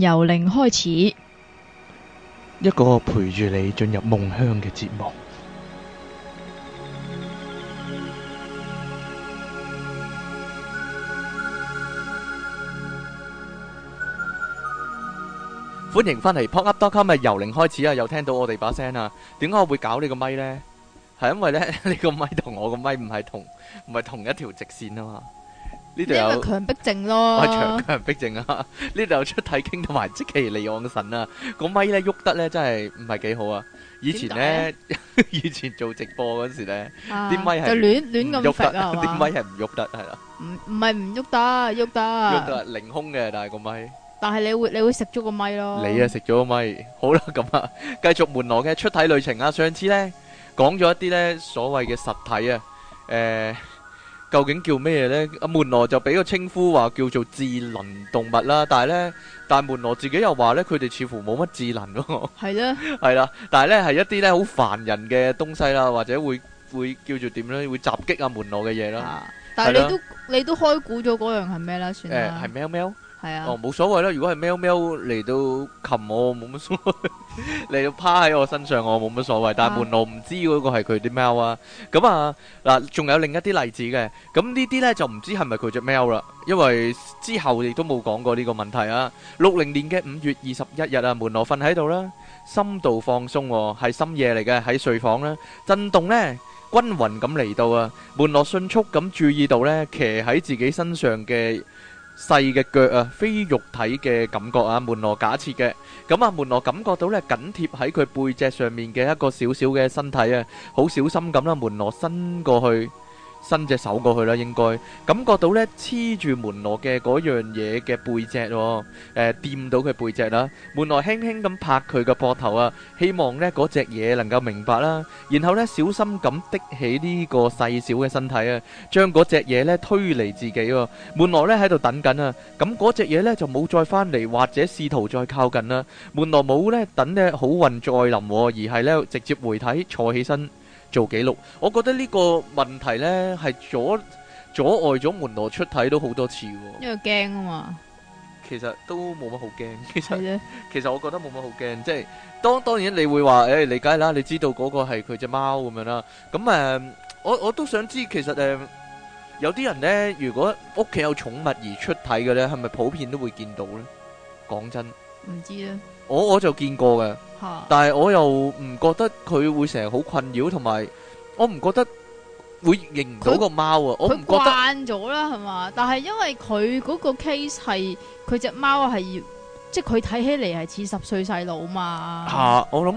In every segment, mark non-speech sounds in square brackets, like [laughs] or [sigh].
由零開始，一個陪住你進入夢鄉嘅節目。歡迎返嚟，pop up dot com 由零開始啊！又聽到我哋把聲啦，點解我會搞你個咪呢？係因為呢呢個咪同我個咪唔係同唔係同一條直線啊嘛。呢度有強迫症咯，強強迫症啊！呢度有出體傾同埋即其李昂臣啊，個咪咧喐得咧真係唔係幾好啊！以前咧，以前做直播嗰時咧，啲咪係亂亂咁喐得，啲咪係唔喐得係啦。唔唔係唔喐得，喐得。喐得係凌空嘅，但係個咪。但係你會你會食咗個咪咯？你啊食咗個咪，好啦咁啊，繼續門羅嘅出體旅程啊！上次咧講咗一啲咧所謂嘅實體啊，誒。究竟叫咩呢？阿門羅就俾個稱呼話叫做智能動物啦，但係呢，但係門羅自己又話呢，佢哋似乎冇乜智能咯 [laughs] 的。係啦，係啦，但係呢係一啲呢好煩人嘅東西啦，或者會會叫做點呢？會襲擊阿門羅嘅嘢啦。啊、但係你都的你都開估咗嗰樣係咩啦？算啦，係、呃、喵喵。係啊，哦，冇所謂啦。如果係喵喵嚟到擒我，冇乜所謂；嚟到趴喺我身上，我冇乜所謂。但係門羅唔知嗰個係佢啲喵啊。咁啊，嗱，仲有另一啲例子嘅。咁呢啲呢就唔知係咪佢隻喵啦，因為之後亦都冇講過呢個問題啊。六零年嘅五月二十一日啊，門羅瞓喺度啦，深度放鬆，係深夜嚟嘅，喺睡房啦，震動呢均匀咁嚟到啊，門羅迅速咁注意到呢騎喺自己身上嘅，細嘅腳啊，非肉體嘅感覺啊，門羅假設嘅，咁啊門羅感覺到咧緊貼喺佢背脊上面嘅一個小小嘅身體啊，好小心咁啦，門羅伸過去。伸隻手過去啦，應該感覺到咧黐住門羅嘅嗰樣嘢嘅背脊，哦，誒、呃、掂到佢背脊啦。門羅輕輕咁拍佢嘅膊頭啊，希望咧嗰隻嘢能夠明白啦。然後咧小心咁滴起呢個細小嘅身體啊，將嗰隻嘢咧推離自己喎、啊。門羅咧喺度等緊啊，咁嗰隻嘢咧就冇再翻嚟或者試圖再靠近啦、啊。門羅冇咧等咧好運再臨、啊，而係咧直接回體坐起身。做記錄，我覺得呢個問題呢，係阻阻礙咗門羅出體都好多次喎。因為驚啊嘛其。其實都冇乜好驚，其實 [laughs] 其實我覺得冇乜好驚，即係當當然你會話，誒理解啦，你知道嗰個係佢隻貓咁樣啦。咁、嗯、誒，我我都想知其實誒、嗯，有啲人呢，如果屋企有寵物而出體嘅呢，係咪普遍都會見到呢？講真。唔知咧。我我就見過嘅，啊、但係我又唔覺得佢會成日好困擾，同埋我唔覺得會認唔到個貓，個貓啊。我佢慣咗啦，係嘛？但係因為佢嗰個 case 係佢隻貓係，即係佢睇起嚟係似十歲細路嘛。係，我諗。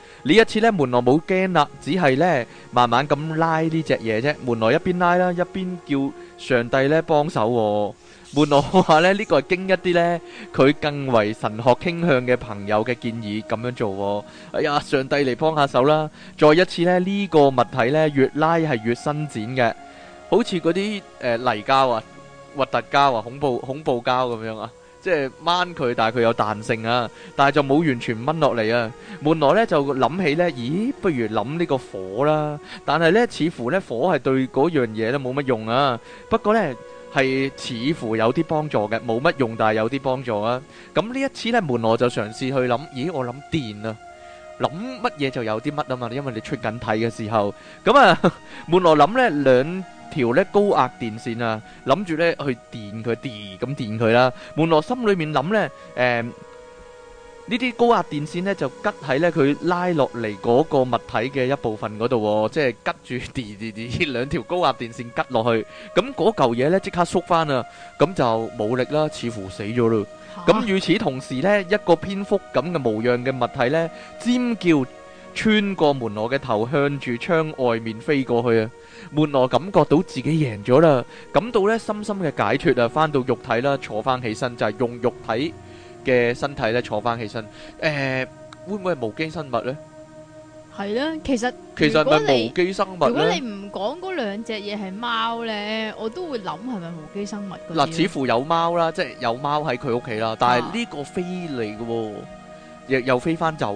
呢一次咧，門羅冇驚啦，只係咧慢慢咁拉呢隻嘢啫。門羅一邊拉啦，一邊叫上帝咧幫手喎、啊。門羅話咧呢、呢個係經一啲咧佢更為神學傾向嘅朋友嘅建議咁樣做喎、啊。哎呀，上帝嚟幫下手啦、啊！再一次咧，呢、呢個物體咧越拉係越伸展嘅，好似嗰啲誒泥膠啊、核突膠啊、恐怖恐怖膠咁樣啊！即係掹佢，但係佢有彈性啊！但係就冇完全掹落嚟啊！門羅咧就諗起咧，咦？不如諗呢個火啦！但係咧，似乎咧火係對嗰樣嘢都冇乜用啊！不過咧係似乎有啲幫助嘅，冇乜用但係有啲幫助啊！咁呢一次咧，門羅就嘗試去諗，咦？我諗電啊！諗乜嘢就有啲乜啊嘛！因為你出緊體嘅時候，咁啊門羅諗咧兩條咧高壓電線啊，諗住咧去電佢，電咁電佢啦。門羅心裏面諗咧，誒，呢啲高壓電線咧就吉喺咧佢拉落嚟嗰個物體嘅一部分嗰度，即係吉住，電電電，兩條高壓電線吉落去，咁嗰嚿嘢咧即刻縮翻啦，咁就冇力啦，似乎死咗咯。咁與此同時咧，一個蝙蝠咁嘅模樣嘅物體咧尖叫。穿過門羅嘅頭，向住窗外面飛過去啊！門羅感覺到自己贏咗啦，感到咧深深嘅解脫啊！翻到肉體啦，坐翻起身就係用肉體嘅身體咧坐翻起身。誒，會唔會係無機生物咧？係啦，其實其實係咪無機生物咧？如果你唔講嗰兩隻嘢係貓咧，我都會諗係咪無機生物嗰啲。嗱，似乎有貓啦，即係有貓喺佢屋企啦，但係呢個飛嚟嘅喎。又又飛翻走，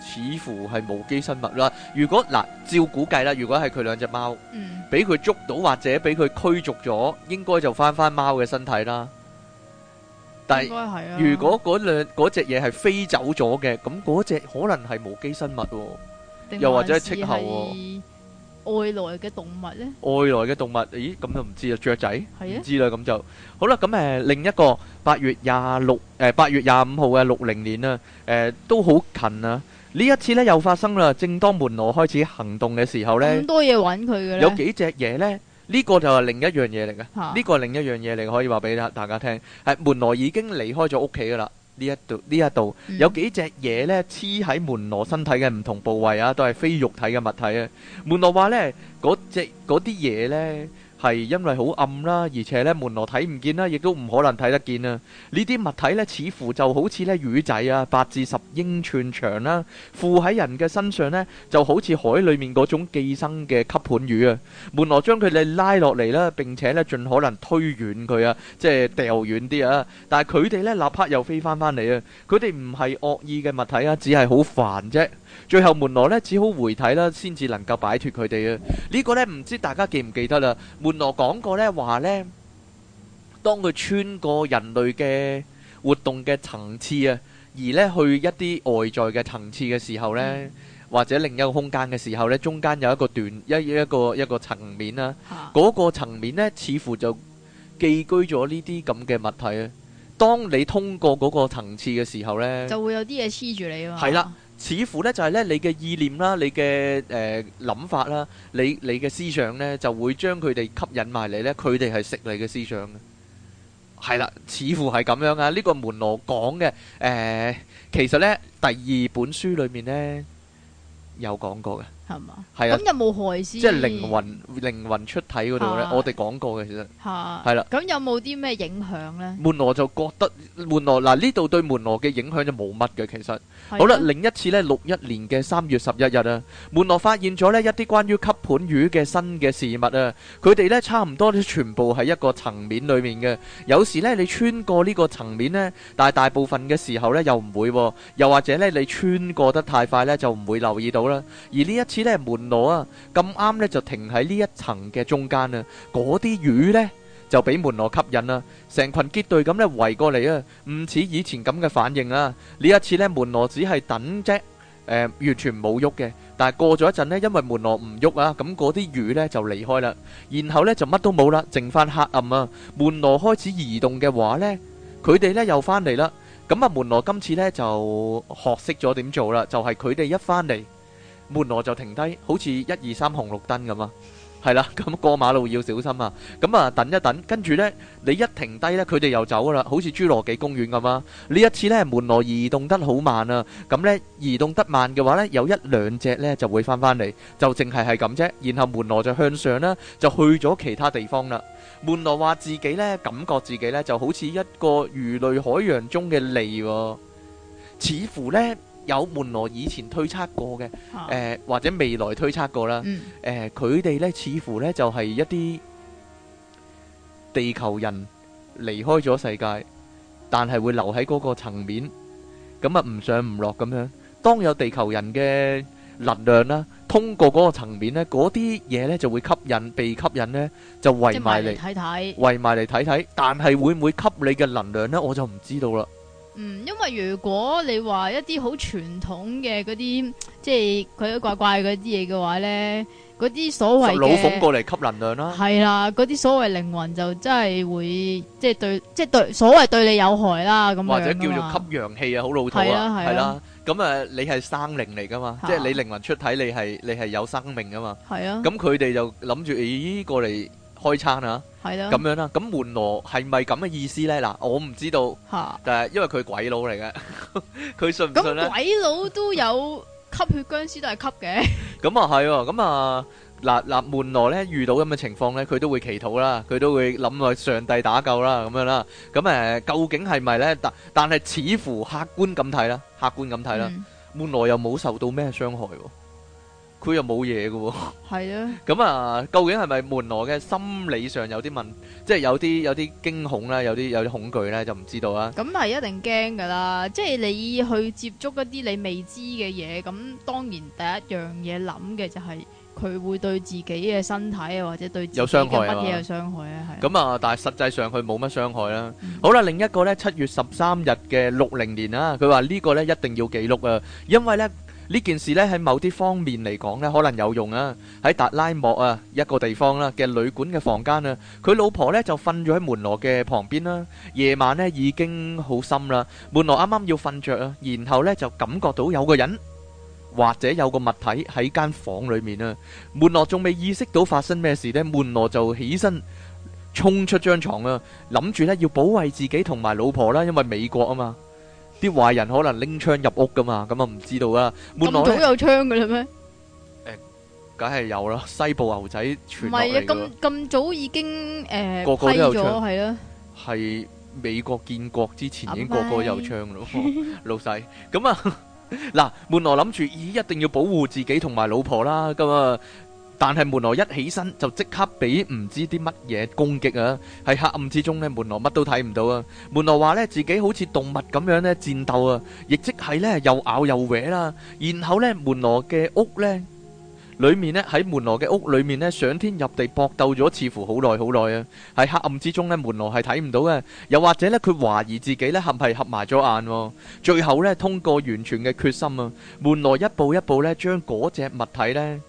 似乎係無機生物啦。如果嗱照估計啦，如果係佢兩隻貓，俾佢捉到或者俾佢驅逐咗，應該就翻翻貓嘅身體啦。但係如果嗰兩嗰隻嘢係飛走咗嘅，咁嗰隻可能係無機生物，又或者係斥候。外來嘅動物呢？外來嘅動物，咦？咁就唔知啦，雀仔唔係知啦，咁就好啦。咁誒、呃，另一個八月廿六、呃，誒，八月廿五號嘅六零年啊，誒，都好近啊！呢一次呢，又發生啦。正當門羅開始行動嘅時候呢，咁多嘢揾佢嘅有幾隻嘢呢？呢、呢個就係另一樣嘢嚟嘅，呢、啊、個另一樣嘢嚟，可以話俾大家聽，係門羅已經離開咗屋企噶啦。呢一度呢一度、嗯、有幾隻嘢咧黐喺門羅身體嘅唔同部位啊，都係非肉體嘅物體啊。門羅話咧，嗰隻嗰啲嘢咧。係因為好暗啦，而且咧門羅睇唔見啦，亦都唔可能睇得見啊！呢啲物體咧，似乎就好似咧魚仔啊，八至十英寸長啦，附喺人嘅身上咧，就好似海裡面嗰種寄生嘅吸盤魚啊！門羅將佢哋拉落嚟啦，並且咧盡可能推遠佢啊，即係掉遠啲啊！但係佢哋咧立刻又飛返返嚟啊！佢哋唔係惡意嘅物體啊，只係好煩啫。最後門羅呢，只好回體啦，先至能夠擺脫佢哋啊！呢、這個呢，唔知大家記唔記得啦？門羅講過呢，話呢，當佢穿過人類嘅活動嘅層次啊，而呢去一啲外在嘅層次嘅時候呢，嗯、或者另一個空間嘅時候呢，中間有一個段一一個一個層面啊，嗰、啊、個層面呢，似乎就寄居咗呢啲咁嘅物體啊。當你通過嗰個層次嘅時候呢，就會有啲嘢黐住你啊嘛。係啦。似乎咧就係咧你嘅意念啦，你嘅誒諗法啦，你你嘅思想咧就會將佢哋吸引埋嚟咧，佢哋係識你嘅思想嘅，係啦，似乎係咁樣啊？呢個門羅講嘅誒，其實咧第二本書裏面咧有講過嘅。係啊，咁有冇害先？即係靈魂靈魂出體嗰度咧，我哋講過嘅其實係啦。咁有冇啲咩影響咧？門羅就覺得，門羅嗱呢度對門羅嘅影響就冇乜嘅其實。好啦，另一次咧六一年，嘅三月十一日啊，門羅發現咗呢一啲關於吸盤魚嘅新嘅事物啊，佢哋咧差唔多都全部係一個層面裏面嘅。有時咧你穿過呢個層面咧，但係大部分嘅時候咧又唔會，又或者咧你穿過得太快咧就唔會留意到啦。而呢一次。咧門羅啊，咁啱咧就停喺呢一層嘅中間啦。嗰啲魚咧就俾門羅吸引啦，成群結隊咁咧圍過嚟啊。唔似以前咁嘅反應啊。呢一次咧門羅只係等啫，誒完全冇喐嘅。但係過咗一陣咧，因為門羅唔喐啊，咁嗰啲魚咧就離開啦。然後咧就乜都冇啦，剩翻黑暗啊。門羅開始移動嘅話咧，佢哋咧又翻嚟啦。咁啊，門羅今次咧就學識咗點做啦，就係佢哋一翻嚟。門羅就停低，好似一二三紅綠燈咁啊，係啦，咁過馬路要小心啊，咁啊等一等，跟住咧你一停低咧，佢哋又走啦，好似侏羅紀公園咁啊，呢一次咧門羅移動得好慢啊，咁咧移動得慢嘅話咧，有一兩隻咧就會翻返嚟，就淨係係咁啫，然後門羅就向上咧，就去咗其他地方啦。門羅話自己咧，感覺自己咧就好似一個魚類海洋中嘅利，似乎咧。有門羅以前推測過嘅，誒或者未來推測過啦，誒佢哋呢似乎呢就係一啲地球人離開咗世界，但係會留喺嗰個層面，咁啊唔上唔落咁樣。當有地球人嘅能量啦，通過嗰個層面呢，嗰啲嘢呢就會吸引，被吸引呢就圍埋嚟睇睇，圍埋嚟睇睇。但係會唔會給你嘅能量呢，我就唔知道啦。嗯，因為如果你話一啲好傳統嘅嗰啲，即係佢啲怪怪嗰啲嘢嘅話咧，嗰啲所謂老鳳過嚟吸能量啦，係啦、啊，嗰啲所謂靈魂就真係會，即係對，即係對，對，所謂對你有害啦咁樣，或者叫做吸陽氣啊，好老土啊，係啦、啊，咁啊，啊，啊，你係生靈嚟噶嘛，啊、即係你靈魂出體你，你係你係有生命噶嘛，係啊，咁佢哋就諗住，咦、哎，過嚟。開餐啊，係咯的，咁樣啦、啊，咁門羅係咪咁嘅意思咧？嗱、啊，我唔知道，哈但係因為佢鬼佬嚟嘅，佢 [laughs] 信唔信咧？鬼佬都有吸血僵屍都係吸嘅，咁啊係，咁啊，嗱、啊、嗱、啊啊啊、門羅咧遇到咁嘅情況咧，佢都會祈禱啦，佢都會諗去上帝打救啦，咁樣啦、啊，咁、啊、誒，究竟係咪咧？但但係似乎客觀咁睇啦，客觀咁睇啦，嗯、門羅又冇受到咩傷害、啊。佢又冇嘢嘅喎，係啊，咁啊，究竟係咪門羅嘅心理上有啲問，即係有啲有啲驚恐咧，有啲有啲恐懼咧，就唔知道啦。咁係一定驚嘅啦，即係你去接觸一啲你未知嘅嘢，咁當然第一樣嘢諗嘅就係佢會對自己嘅身體啊，或者對有傷害啊，乜嘢嘅傷害咧，係。咁啊，但係實際上佢冇乜傷害啦。好啦，另一個咧，七月十三日嘅六零年啦，佢話呢個咧一定要記錄啊，因為咧。呢件事咧喺某啲方面嚟講咧，可能有用啊！喺達拉莫啊一個地方啦嘅旅館嘅房間啊，佢老婆咧就瞓咗喺門羅嘅旁邊啦。夜晚咧已經好深啦，門羅啱啱要瞓著啊，然後咧就感覺到有個人或者有個物體喺間房裡面啊。門羅仲未意識到發生咩事咧，門羅就起身衝出張牀啊，諗住咧要保衞自己同埋老婆啦，因為美國啊嘛。啲壞人可能拎槍入屋噶嘛，咁啊唔知道啦。咁早有槍噶啦咩？誒，梗係有啦，西部牛仔傳統嚟噶。唔係啊，咁咁早已經誒，個個都有槍，係啦。係美國建國之前已經個個有槍咯，老細。咁啊，嗱，門羅諗住，咦，一定要保護自己同埋老婆啦，咁啊。但係門羅一起身就即刻俾唔知啲乜嘢攻擊啊！喺黑暗之中咧，門羅乜都睇唔到啊！門羅話咧自己好似動物咁樣咧戰鬥啊，亦即係咧又咬又搲啦。然後咧門羅嘅屋咧裏面咧喺門羅嘅屋裏面咧上天入地搏鬥咗，似乎好耐好耐啊！喺黑暗之中咧，門羅係睇唔到嘅。又或者咧佢懷疑自己咧係唔係合埋咗眼？最後咧通過完全嘅決心啊，門羅一步一步咧將嗰隻物體咧。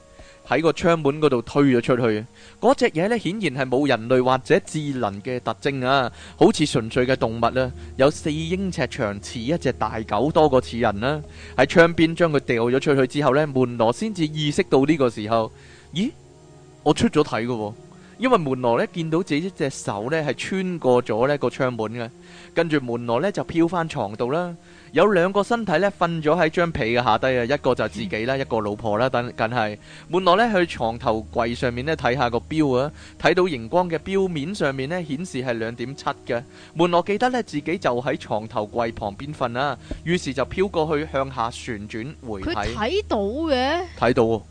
喺個窗門嗰度推咗出去，嗰隻嘢呢顯然係冇人類或者智能嘅特徵啊，好似純粹嘅動物啊，有四英尺長，似一隻大狗多過似人啦、啊。喺窗邊將佢掉咗出去之後呢，門羅先至意識到呢個時候，咦？我出咗體㗎，因為門羅呢見到自己隻手呢係穿過咗呢個窗門嘅，跟住門羅呢就飄翻床度啦。有兩個身體咧瞓咗喺張被嘅下低啊，一個就自己啦， [laughs] 一個老婆啦。但係，門羅咧去床頭櫃上面咧睇下個表啊，睇到熒光嘅表面上面咧顯示係兩點七嘅。門羅記得咧自己就喺床頭櫃旁邊瞓啦，於是就飄過去向下旋轉回睇，佢睇到嘅，睇到。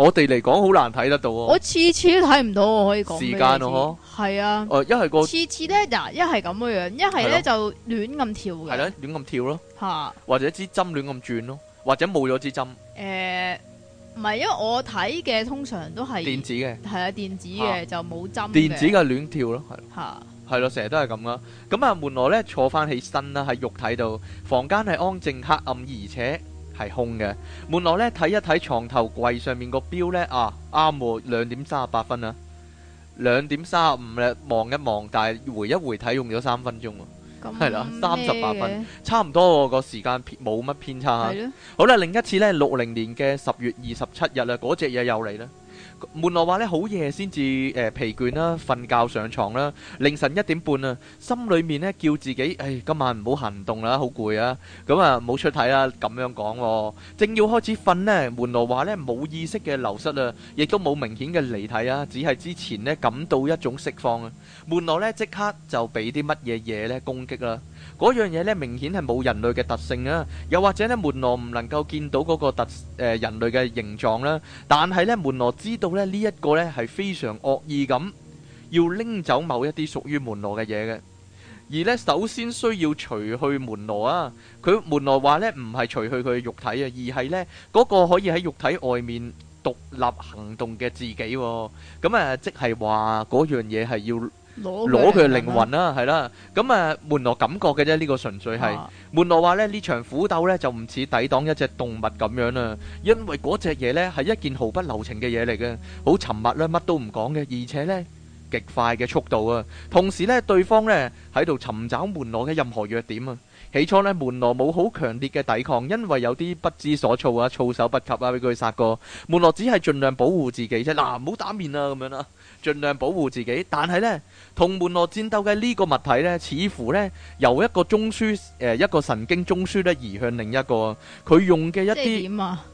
我哋嚟講好難睇得到啊，我次次都睇唔到，我可以講時間咯嗬，係啊，誒，一係個次次咧，嗱，一係咁嘅樣，一係咧就亂咁跳嘅，係咯，亂咁跳咯，吓，或者一支針亂咁轉咯，或者冇咗支針，誒，唔係，因為我睇嘅通常都係電子嘅，係啊，電子嘅就冇針，電子嘅亂跳咯，係，吓，係咯，成日都係咁啦，咁啊，門羅咧坐翻起身啦，喺肉體度，房間係安靜黑暗，而且。係空嘅，門內咧睇一睇床頭櫃上面個錶咧啊，啱好兩點三十八分啊。兩點三十五咧望一望，但係回一回睇用咗三分鐘喎，係啦，三十八分差唔多個時間冇乜偏差吓、啊。的好啦，另一次咧，六零年嘅十月二十七日啦，嗰隻嘢又嚟啦。門羅話咧好夜先至誒，疲倦啦，瞓覺上床啦。凌晨一點半啊，心裏面咧叫自己，唉，今晚唔好行動啦，好攰啊。咁啊，冇出體啦，咁樣講。正要開始瞓咧，門羅話咧冇意識嘅流失啊，亦都冇明顯嘅離體啊，只係之前咧感到一種釋放啊。門羅咧即刻就俾啲乜嘢嘢咧攻擊啦。嗰樣嘢咧明顯係冇人類嘅特性啊，又或者咧門羅唔能夠見到嗰個特誒人類嘅形狀啦，但係咧門羅知道。咧呢一個呢係非常惡意咁，要拎走某一啲屬於門羅嘅嘢嘅，而呢首先需要除去門羅啊，佢門羅話呢唔係除去佢肉體啊，而係呢嗰個可以喺肉體外面獨立行動嘅自己，咁啊即係話嗰樣嘢係要。攞佢嘅靈魂啦，係啦，咁 [noise] 啊，門羅感覺嘅啫，呢個純粹係門羅話咧，呢場苦鬥咧就唔似抵擋一隻動物咁樣啦，因為嗰隻嘢咧係一件毫不留情嘅嘢嚟嘅，好沉默咧，乜都唔講嘅，而且咧極快嘅速度啊，同時咧對方咧喺度尋找門羅嘅任何弱點啊。起初咧，門羅冇好強烈嘅抵抗，因為有啲不知所措啊，措手不及啊，俾佢殺過。門羅只係盡量保護自己啫，嗱，唔好打面啊，咁樣啦，盡量保護自己。但係呢，同門羅戰鬥嘅呢個物體呢，似乎呢由一個中樞誒、呃、一個神經中樞咧移向另一個，佢用嘅一啲，啊、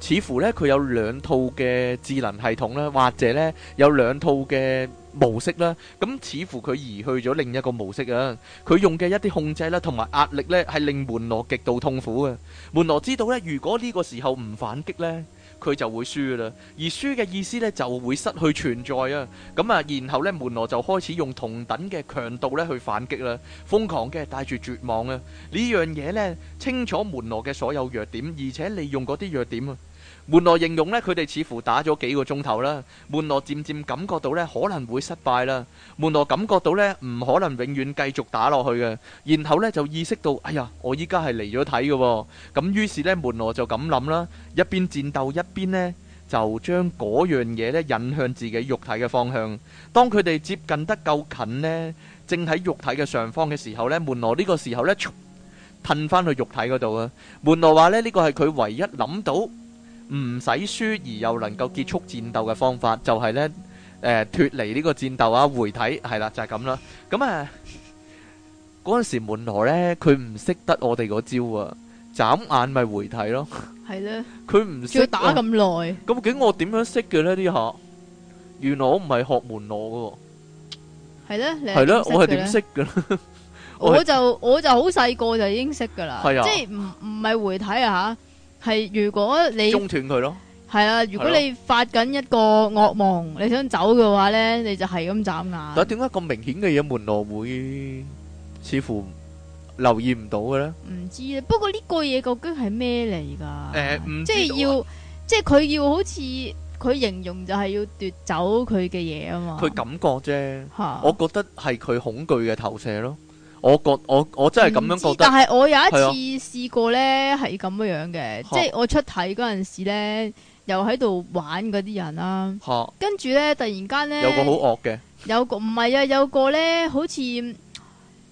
似乎呢，佢有兩套嘅智能系統咧，或者呢，有兩套嘅。模式啦，咁似乎佢移去咗另一個模式啊，佢用嘅一啲控制啦，同埋壓力呢，係令門羅極度痛苦啊。門羅知道呢，如果呢個時候唔反擊呢，佢就會輸噶啦。而輸嘅意思呢，就會失去存在啊。咁啊，然後呢，門羅就開始用同等嘅強度呢去反擊啦，瘋狂嘅帶住絕望啊。呢樣嘢呢，清楚門羅嘅所有弱點，而且利用嗰啲弱點啊。門羅形容咧，佢哋似乎打咗幾個鐘頭啦。門羅漸漸感覺到咧，可能會失敗啦。門羅感覺到咧，唔可能永遠繼續打落去嘅。然後咧就意識到，哎呀，我依家係離咗體嘅。咁於是咧，門羅就咁諗啦，一邊戰鬥一邊咧就將嗰樣嘢咧引向自己肉體嘅方向。當佢哋接近得夠近咧，正喺肉體嘅上方嘅時候咧，門羅呢個時候咧，褪翻去肉體嗰度啊。門羅話咧呢個係佢唯一諗到唔使輸而又能夠結束戰鬥嘅方法，就係咧誒脱離呢個戰鬥啊回體係啦就係咁啦。咁啊嗰陣時門羅咧佢唔識得我哋嗰招啊，眨眼咪回體咯。係咧，佢唔識打咁耐。咁究竟我點樣識嘅咧？呢下原來我唔係學門羅噶。係咧，係咧，我係點識嘅咧？我就我就好細個就已經識噶啦，係啊，即係唔唔係回體啊吓。係如果你中斷佢咯，係啊！如果你發緊一個惡夢，的你想走嘅話咧，你就係咁眨眼。但係點解咁明顯嘅嘢，門羅會似乎留意唔到嘅咧？唔知咧，不過呢個嘢究竟係咩嚟噶？誒、呃，即係要，即係佢要好似佢形容就係要奪走佢嘅嘢啊嘛。佢感覺啫，哈我覺得係佢恐懼嘅投射咯。我覺我我真係咁樣覺得，但係我有一次試、啊、過咧，係咁樣樣嘅，即係我出體嗰陣時咧，又喺度玩嗰啲人啦、啊，跟住咧突然間咧，有個好惡嘅，有個唔係啊，有個咧好似。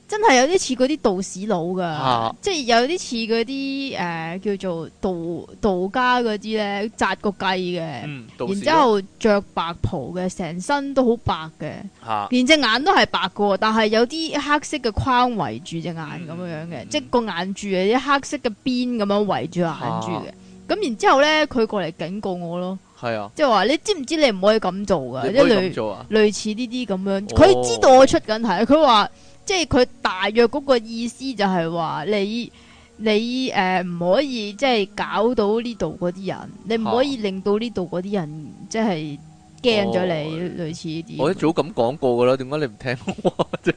真係有啲似嗰啲道士佬㗎，即係有啲似嗰啲誒叫做道道家嗰啲咧，紮個髻嘅，然之後着白袍嘅，成身都好白嘅，連隻眼都係白㗎，但係有啲黑色嘅框圍住隻眼咁樣嘅，即係個眼珠啊啲黑色嘅邊咁樣圍住眼珠嘅。咁然之後咧，佢過嚟警告我咯，係啊，即係話你知唔知你唔可以咁做㗎，即係類似呢啲咁樣。佢知道我出緊體，佢話。即係佢大約嗰個意思就係話你你誒唔、呃、可以即係搞到呢度嗰啲人，啊、你唔可以令到呢度嗰啲人即係驚咗你，哦、類似呢啲。我一早咁講過㗎喇，點解你唔聽我話啫？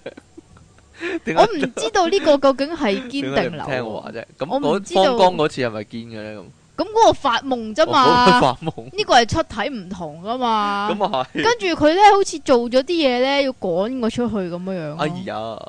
[laughs] 還是 我唔知道呢個究竟係堅定流。點 [laughs] 我唔 [laughs] 聽我話啫？咁 [laughs] 我知道方剛嗰次係咪堅嘅咧？咁？咁嗰、嗯那個發夢啫、哦那個、嘛， [laughs] 呢個係出體唔同啊嘛。咁啊係，跟住佢咧好似做咗啲嘢咧，要趕我出去咁樣。哎呀，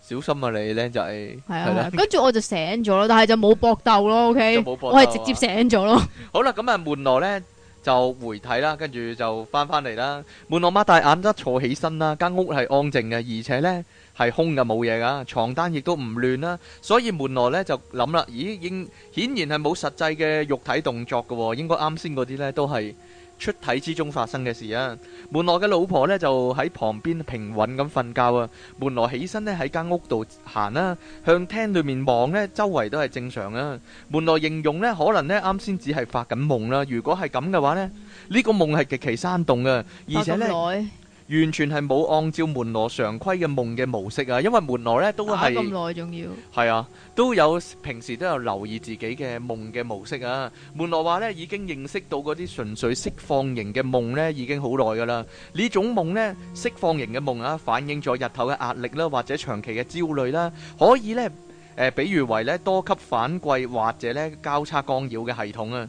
小心啊，你靚仔係啊，啊 [laughs] 跟住我就醒咗咯，但係就冇搏鬥咯。O、okay? K，我係直接醒咗咯。 [laughs] 好啦，咁啊，門羅咧就回體啦，跟住就翻翻嚟啦。門羅擘大眼啦，坐起身啦，間屋係安靜嘅，而且咧。係空嘅冇嘢噶，床單亦都唔亂啦，所以門羅呢就諗啦，咦，應顯然係冇實際嘅肉體動作嘅，應該啱先嗰啲呢都係出體之中發生嘅事啊。門羅嘅老婆呢就喺旁邊平穩咁瞓覺啊，門羅起身呢喺間屋度行啦，向廳裏面望呢，周圍都係正常啊。門羅形容呢，可能呢啱先只係發緊夢啦。如果係咁嘅話呢，呢個夢係極其生動嘅，而且呢。完全係冇按照門羅常規嘅夢嘅模式啊，因為門羅呢都係咁耐仲要？係啊，都有平時都有留意自己嘅夢嘅模式啊。門羅話呢已經認識到嗰啲純粹釋放型嘅夢呢已經好耐噶啦，呢種夢呢，釋放型嘅夢啊，反映咗日頭嘅壓力啦、啊，或者長期嘅焦慮啦、啊，可以呢，呃、比喻為呢多級反饋或者呢交叉干擾嘅系統啊。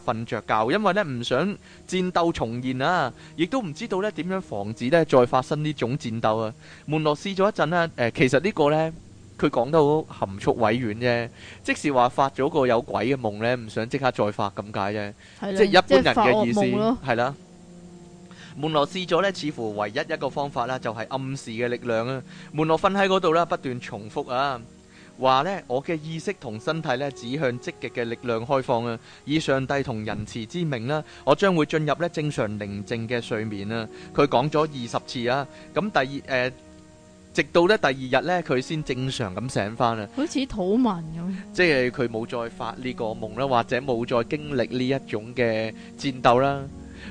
瞓着覺，因為咧唔想戰鬥重現啊，亦都唔知道咧點樣防止咧再發生呢種戰鬥啊。門羅試咗一陣咧，誒、呃，其實呢個呢，佢講得好含蓄委婉啫，即係話發咗個有鬼嘅夢呢，唔想即刻再發咁解啫，的即係一般人嘅意思係啦。門羅試咗呢，似乎唯一一個方法啦，就係暗示嘅力量啊。門羅瞓喺嗰度啦，不斷重複啊。話呢，我嘅意識同身體咧指向積極嘅力量開放啊！以上帝同仁慈之名啦、啊，我將會進入咧正常寧靜嘅睡眠啦、啊。佢講咗二十次啊，咁、嗯、第二誒、呃，直到咧第二日咧，佢先正常咁醒翻啊！好似土民咁，即係佢冇再發呢個夢啦、啊，或者冇再經歷呢一種嘅戰鬥啦、啊。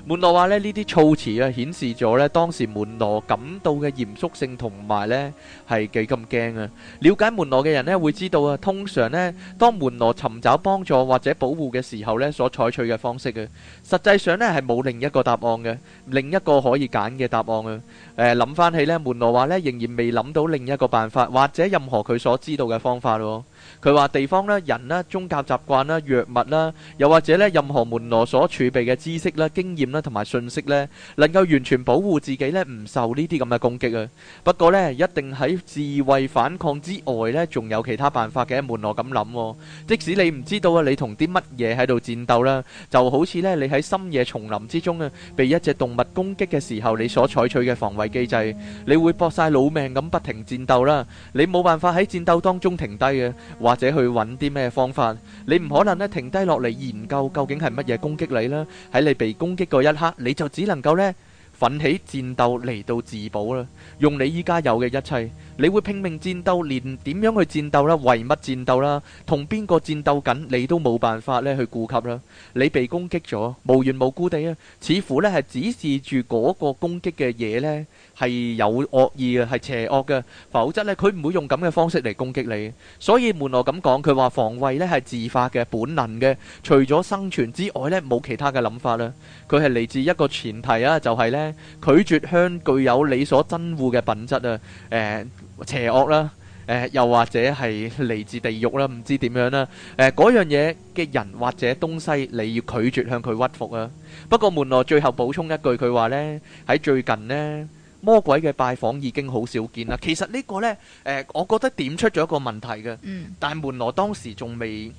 門羅話呢，呢啲措辭啊，顯示咗呢，當時門羅感到嘅嚴肅性，同埋呢係幾咁驚啊。了解門羅嘅人呢，會知道啊，通常呢，當門羅尋找幫助或者保護嘅時候呢，所採取嘅方式嘅，實際上呢係冇另一個答案嘅，另一個可以揀嘅答案啊。誒，諗翻起呢，門羅話呢，仍然未諗到另一個辦法或者任何佢所知道嘅方法咯。佢話地方咧，人咧，宗教習慣啦、藥物啦，又或者咧任何門羅所儲備嘅知識啦、經驗啦同埋信息咧，能夠完全保護自己咧唔受呢啲咁嘅攻擊啊。不過呢，一定喺智慧反抗之外咧，仲有其他辦法嘅門羅咁諗。即使你唔知道啊，你同啲乜嘢喺度戰鬥啦，就好似咧你喺深夜叢林之中啊，被一隻動物攻擊嘅時候，你所採取嘅防衛機制，你會搏晒老命咁不停戰鬥啦。你冇辦法喺戰鬥當中停低嘅。或者去揾啲咩方法？你唔可能咧停低落嚟研究究竟係乜嘢攻擊你啦！喺你被攻擊嗰一刻，你就只能夠呢奮起戰鬥嚟到自保啦，用你依家有嘅一切。你會拼命戰鬥，連點樣去戰鬥啦、為乜戰鬥啦、同邊個戰鬥緊，你都冇辦法咧去顧及啦。你被攻擊咗，無緣無故地啊，似乎咧係指示住嗰個攻擊嘅嘢咧係有惡意嘅，係邪惡嘅。否則咧，佢唔會用咁嘅方式嚟攻擊你。所以門羅咁講，佢話防衛咧係自發嘅本能嘅，除咗生存之外咧冇其他嘅諗法啦。佢係嚟自一個前提啊，就係咧拒絕向具有你所珍護嘅品質啊，誒。邪惡啦、呃，又或者係嚟自地獄啦，唔知點樣啦，呃、嗰樣嘢嘅人或者東西，你要拒絕向佢屈服啊。不過門羅最後補充一句，佢話呢，喺最近呢，魔鬼嘅拜訪已經好少見啦。其實呢個呢、呃，我覺得點出咗一個問題嘅，但係門羅當時仲未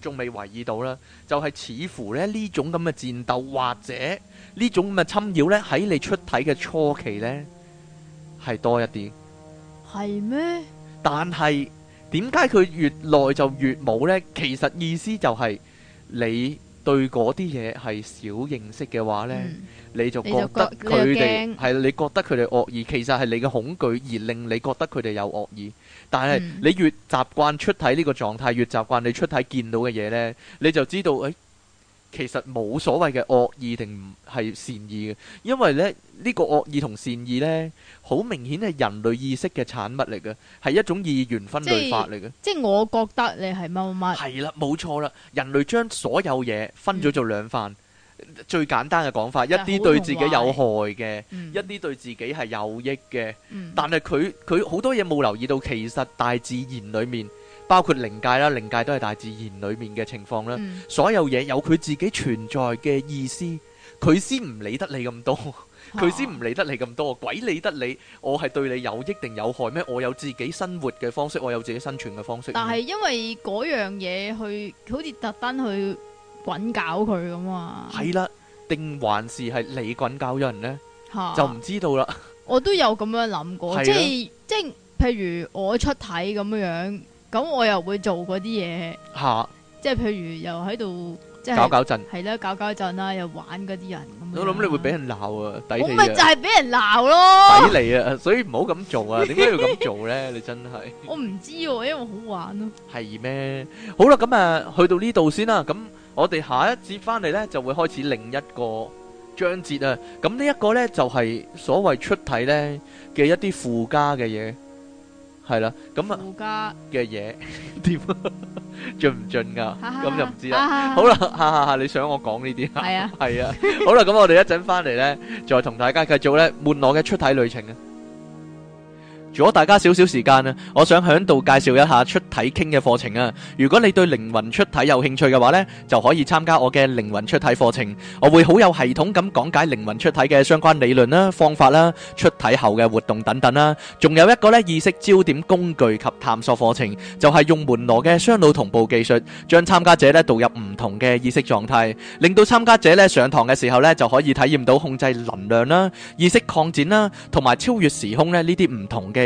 仲未懷疑到啦，就係、是、似乎咧呢種咁嘅戰鬥或者呢種咁嘅侵擾呢，喺你出體嘅初期呢，係多一啲。係咩？但係點解佢越耐就越冇呢？其實意思就係、是、你對嗰啲嘢係少認識嘅話呢，嗯、你就覺得佢哋係你覺得佢哋惡意，其實係你嘅恐懼而令你覺得佢哋有惡意。但係你越習慣出體呢個狀態，越習慣你出體見到嘅嘢呢，你就知道誒。哎其實冇所謂嘅惡意定唔係善意嘅，因為咧呢、呢個惡意同善意呢，好明顯係人類意識嘅產物嚟嘅，係一種二元分類法嚟嘅。即係，即係我覺得你係乜乜乜。係啦，冇錯啦，人類將所有嘢分咗做兩份，嗯、最簡單嘅講法，一啲對自己有害嘅，嗯、一啲對自己係有益嘅。嗯、但係佢佢好多嘢冇留意到，其實大自然裡面。包括靈界啦，靈界都係大自然裏面嘅情況啦。所有嘢有佢自己存在嘅意思，佢先唔理得你咁多，佢先唔理得你咁多，鬼理得你！我係對你有益定有害咩？我有自己生活嘅方式，我有自己生存嘅方式。但係因為嗰樣嘢去，好似特登去滾搞佢咁啊！係啦，定還是係你滾搞咗人呢？就唔知道啦。我都有咁樣諗過，即係即係譬如我出體咁樣樣。咁我又會做嗰啲嘢，吓，即係譬如又喺度搞搞震，係啦，搞搞震啦，又玩嗰啲人。我諗你會俾人鬧啊，我咪就係俾人鬧咯。抵你啊，所以唔好咁做啊，點解要咁做咧？你真係我唔知，因為好玩咯。係咩？好啦，咁啊，去到呢度先啦。咁我哋下一節翻嚟咧，就會開始另一個章節啊。咁呢一個咧，就係所謂出體咧嘅一啲附加嘅嘢。係啦，咁啊，家嘅嘢點進唔進噶？咁東 [laughs] 就唔知啦。哈哈哈哈，好啦，你想我講呢啲？係啊，係啊。 [laughs] 好啦，咁我哋一陣翻嚟咧，再同大家繼續咧，門羅嘅出體旅程啊！如果大家少少時間啊，我想喺度介紹一下出體傾嘅課程啊！如果你對靈魂出體有興趣嘅話咧，就可以參加我嘅靈魂出體課程。我會好有系統咁講解靈魂出體嘅相關理論啦、方法啦、出體後嘅活動等等啦。仲有一個咧意識焦點工具及探索課程，就係用門羅嘅雙腦同步技術，將參加者咧導入唔同嘅意識狀態，令到參加者咧上堂嘅時候咧就可以體驗到控制能量啦、意識擴展啦，同埋超越時空咧呢啲唔同嘅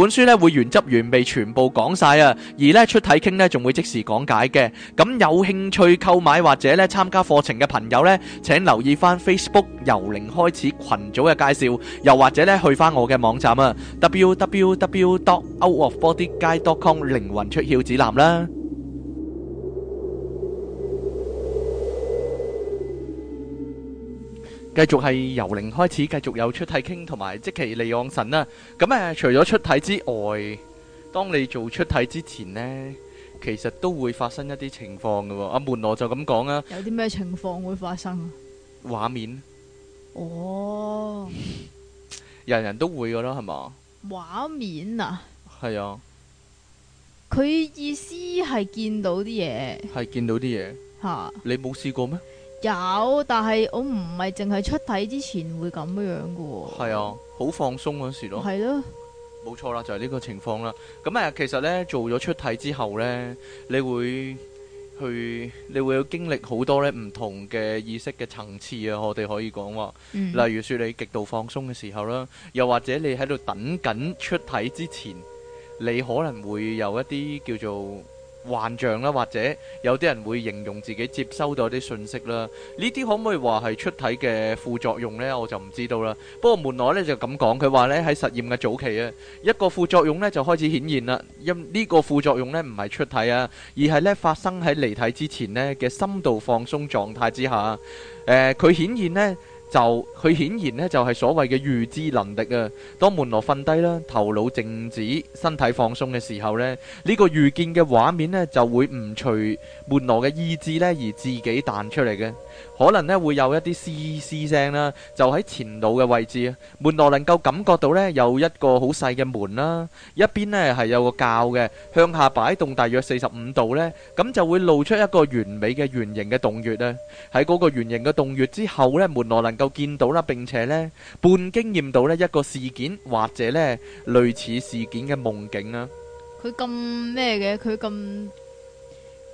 本書咧會原汁原味全部講晒啊，而咧出體傾咧仲會即時講解嘅。咁有興趣購買或者咧參加課程嘅朋友咧，請留意翻 Facebook 由零開始群組嘅介紹，又或者咧去翻我嘅網站啊 www.outofbodyguide.com 靈魂出竅指南啦。繼續係由零開始，繼續有出體傾同埋即期利岸神啦、啊。咁誒，除咗出體之外，當你做出體之前呢，其實都會發生一啲情況噶。阿門羅就咁講啊，啊有啲咩情況會發生啊？畫面哦，oh. [laughs] 人人都會噶啦，係嘛？畫面啊？係啊。佢意思係見到啲嘢，係見到啲嘢吓。 [laughs] 你冇試過咩？有，但係我唔係淨係出體之前會咁樣嘅喎、哦。係啊，好放鬆嗰時咯。係咯、啊，冇錯啦，就係、是、呢個情況啦。咁、嗯、啊，其實呢，做咗出體之後呢，你會去，你會有經歷好多呢唔同嘅意識嘅層次啊。我哋可以講話、啊，嗯、例如說你極度放鬆嘅時候啦，又或者你喺度等緊出體之前，你可能會有一啲叫做。幻象啦，或者有啲人會形容自己接收到啲信息啦，呢啲可唔可以話係出體嘅副作用呢？我就唔知道啦。不過門羅咧就咁講，佢話呢喺實驗嘅早期啊，一個副作用呢，就開始顯現啦。因呢個副作用呢，唔係出體啊，而係呢發生喺離體之前呢嘅深度放鬆狀態之下，誒、呃、佢顯現呢。就佢顯然呢，就係所謂嘅預知能力啊！當門羅瞓低啦，頭腦靜止，身體放鬆嘅時候呢，呢個預見嘅畫面呢，就會唔隨門羅嘅意志呢，而自己彈出嚟嘅。可能呢會有一啲嘶嘶聲啦，就喺前腦嘅位置，門羅能夠感覺到呢，有一個好細嘅門啦，一邊呢係有個鉸嘅，向下擺動大約四十五度呢，咁就會露出一個完美嘅圓形嘅洞穴呢。喺嗰個圓形嘅洞穴之後呢，門羅能夠見到啦，並且呢半經驗到呢一個事件或者呢類似事件嘅夢境啦。佢咁咩嘅？佢咁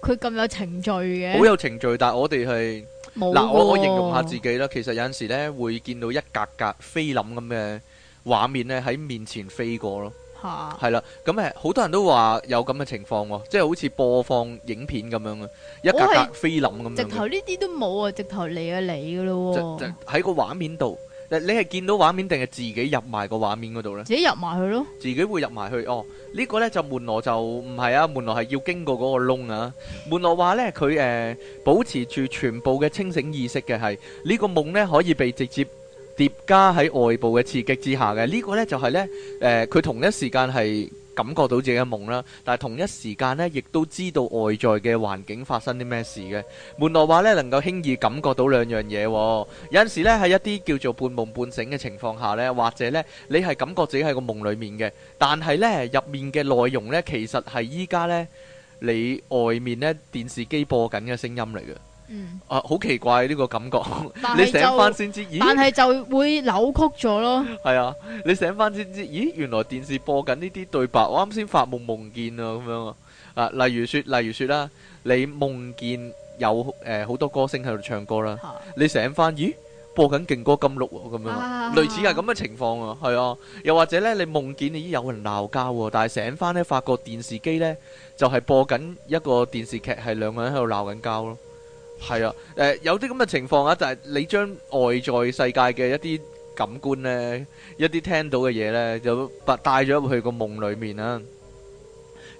佢咁有程序嘅？好有程序，但係我哋係。嗱，我我形容下自己啦。其實有陣時咧，會見到一格格菲林咁嘅畫面咧喺面前飛過咯。嚇，係啦。咁誒哈，好、嗯、多人都話有咁嘅情況喎，即係好似播放影片咁樣啊，一格格菲林咁是樣。直頭呢啲都冇啊，直頭你啊你噶咯喎。就就喺個畫面度。你你係見到畫面定係自己入埋個畫面嗰度呢？自己入埋去咯，自己會入埋去。哦，呢、這個呢就門羅就唔係啊，門羅係要經過嗰個窿啊。 [laughs] 門羅話呢，佢誒、呃、保持住全部嘅清醒意識嘅係、這個、呢個夢呢可以被直接疊加喺外部嘅刺激之下嘅呢、這個呢就係、是、呢、誒、呃、佢同一時間係。感覺到自己嘅夢啦，但係同一時間呢，亦都知道外在嘅環境發生啲咩事嘅。門羅話呢，能夠輕易感覺到兩樣嘢喎、哦。有陣時呢，喺一啲叫做半夢半醒嘅情況下呢，或者呢，你係感覺自己喺個夢裡面嘅，但係呢，入面嘅內容呢，其實係依家呢，你外面呢，電視機播緊嘅聲音嚟嘅。嗯、啊，好奇怪呢、這個感覺， [laughs] [laughs] 你醒翻先知，但係就會扭曲咗咯。係 [laughs] 啊，你醒翻先知，咦？原來電視播緊呢啲對白，我啱先發夢夢見啊，咁樣啊。啊，例如說，例如說啦，你夢見有誒好、呃、多歌星喺度唱歌啦，啊、你醒翻，咦？播緊勁歌金曲咁、啊、樣，啊、類似係咁嘅情況啊，係啊，啊。又或者咧，你夢見你已經有人鬧交，但係醒翻咧，發覺電視機咧就係、是、播緊一個電視劇，係兩個人喺度鬧緊交咯。係啊，誒、呃，有啲咁嘅情況啊，就係、是、你將外在世界嘅一啲感官咧，一啲聽到嘅嘢咧，就帶咗入去個夢裏面啊。.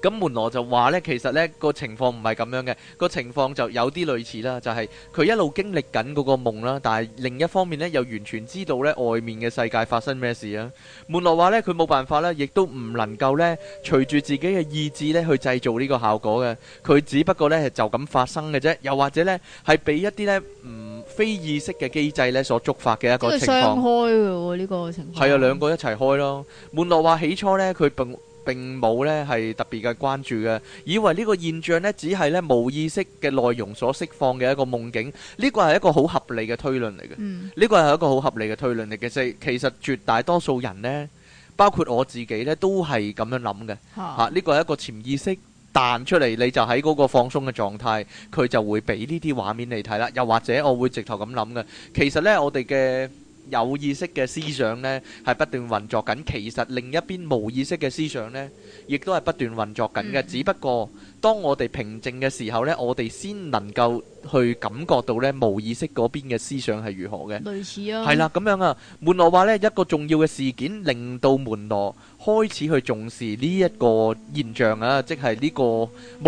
咁門羅就話咧，其實咧個情況唔係咁樣嘅，個情況就有啲類似啦，就係佢一路經歷緊嗰個夢啦，但係另一方面咧又完全知道咧外面嘅世界發生咩事啊。門羅話咧佢冇辦法啦，亦都唔能夠咧隨住自己嘅意志咧去製造呢個效果嘅，佢只不過咧係就咁發生嘅啫，又或者咧係俾一啲咧唔非意識嘅機制咧所觸發嘅一個情況。都係雙開嘅喎，呢個情況。係啊，兩個一齊開咯。門羅話起初咧佢並並冇咧，係特別嘅關注嘅，以為呢個現象呢，只係呢無意識嘅內容所釋放嘅一個夢境。呢個係一個好合理嘅推論嚟嘅。呢個係一個好合理嘅推論嚟嘅。即係其實絕大多數人呢，包括我自己呢，都係咁樣諗嘅。吓哈，呢個係一個潛意識彈出嚟，你就喺嗰個放鬆嘅狀態，佢就會俾呢啲畫面你睇啦。又或者我會直頭咁諗嘅。其實呢，我哋嘅。有意識嘅思想呢，係不斷運作緊；其實另一邊無意識嘅思想呢，亦都係不斷運作緊嘅。只不過當我哋平靜嘅時候呢，我哋先能夠去感覺到呢無意識嗰邊嘅思想係如何嘅。類似啊。係啦，咁樣啊，門羅話呢，一個重要嘅事件令到門羅開始去重視呢一個現象啊，即係呢個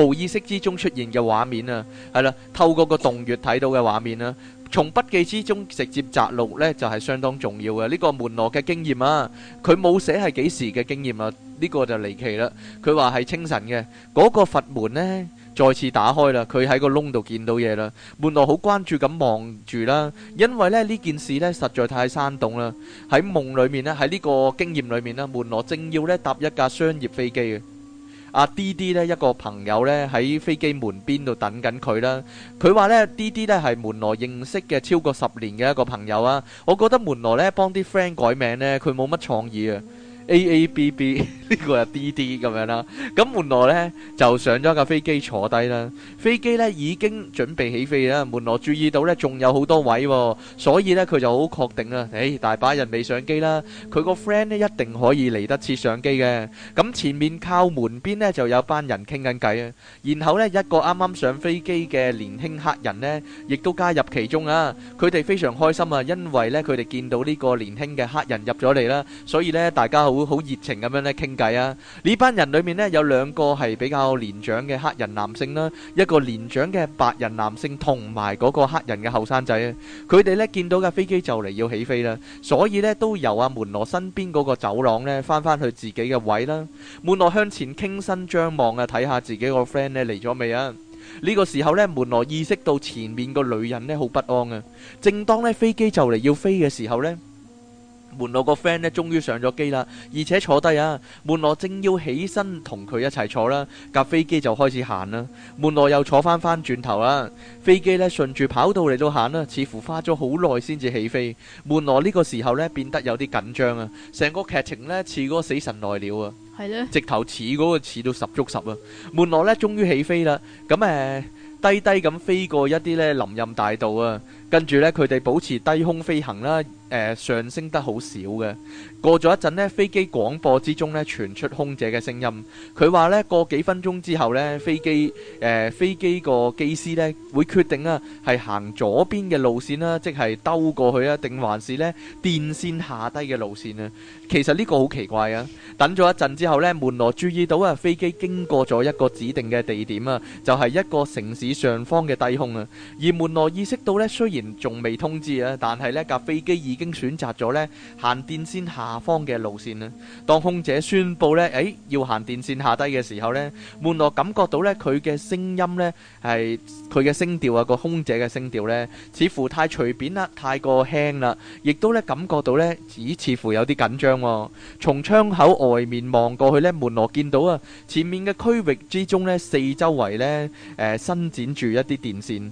無意識之中出現嘅畫面啊，係啦，透過個洞穴睇到嘅畫面啦。從筆記之中直接摘錄呢，就係相當重要嘅，呢個門羅嘅經驗啊。佢冇寫係幾時嘅經驗啊？呢個就離奇啦。佢話係清晨嘅嗰個佛門呢，再次打開啦。佢喺個窿度見到嘢啦。門羅好關注咁望住啦，因為咧呢件事呢，實在太生動啦。喺夢裏面呢，喺呢個經驗裡面呢，門羅正要咧搭一架商業飛機嘅。阿、啊、D D 咧一個朋友咧喺飛機門邊度等緊佢啦，佢話咧 D D 咧係門羅認識嘅超過十年嘅一個朋友啊，我覺得門羅咧幫啲 friend 改名咧佢冇乜創意啊。A A B B 呢個係 D D 咁樣啦，咁門羅咧就上咗架飛機坐低啦。飛機咧已經準備起飛啦。門羅注意到咧仲有好多位，所以咧佢就好確定啦。誒，大把人未上機啦，佢個 friend 咧一定可以嚟得切上機嘅。咁前面靠門邊咧就有班人傾緊偈啊。然後咧一個啱啱上飛機嘅年輕黑人咧，亦都加入其中啊。佢哋非常開心啊，因為咧佢哋見到呢個年輕嘅黑人入咗嚟啦，所以咧大家好會好熱情咁樣咧傾偈啊！呢班人裏面咧有兩個係比較年長嘅黑人男性啦，一個年長嘅白人男性同埋嗰個黑人嘅後生仔啊！佢哋咧見到嘅飛機就嚟要起飛啦，所以咧都由阿門羅身邊嗰個走廊咧返返去自己嘅位啦。門羅向前傾身張望啊，睇下自己個 friend 咧嚟咗未啊！呢個時候咧，門羅意識到前面個女人咧好不安啊！正當咧飛機就嚟要飛嘅時候咧。門羅個 friend 咧終於上咗機啦，而且坐低啊。門羅正要起身同佢一齊坐啦，架飛機就開始行啦。門羅又坐翻翻轉頭啦，飛機呢順住跑道嚟到行啦，似乎花咗好耐先至起飛。門羅呢個時候呢變得有啲緊張啊，成個劇情呢似嗰個死神來了啊，係直頭似嗰個似到十足十啊。門羅呢終於起飛啦，咁誒、呃、低低咁飛過一啲呢林蔭大道啊。跟住咧，佢哋保持低空飛行啦，誒上升得好少嘅。過咗一陣咧，飛機廣播之中咧傳出空姐嘅聲音，佢話咧過幾分鐘之後咧，飛機誒飛機個機師咧會決定啊，係行左邊嘅路線啦，即係兜過去啊，定還是咧電線下低嘅路線啊？其實呢個好奇怪啊！等咗一陣之後咧，門羅注意到啊，飛機經過咗一個指定嘅地點啊，就係一個城市上方嘅低空啊，而門羅意識到咧，雖然仲未通知啊！但係呢架飛機已經選擇咗呢行電線下方嘅路線啦。當空姐宣布呢，誒、哎、要行電線下低嘅時候呢，門羅感覺到呢，佢嘅聲音呢，係佢嘅聲調啊，個空姐嘅聲調呢，似乎太隨便啦，太過輕啦，亦都呢感覺到呢，咦似乎有啲緊張、哦。從窗口外面望過去呢，門羅見到啊，前面嘅區域之中呢，四周圍呢，誒、呃、伸展住一啲電線。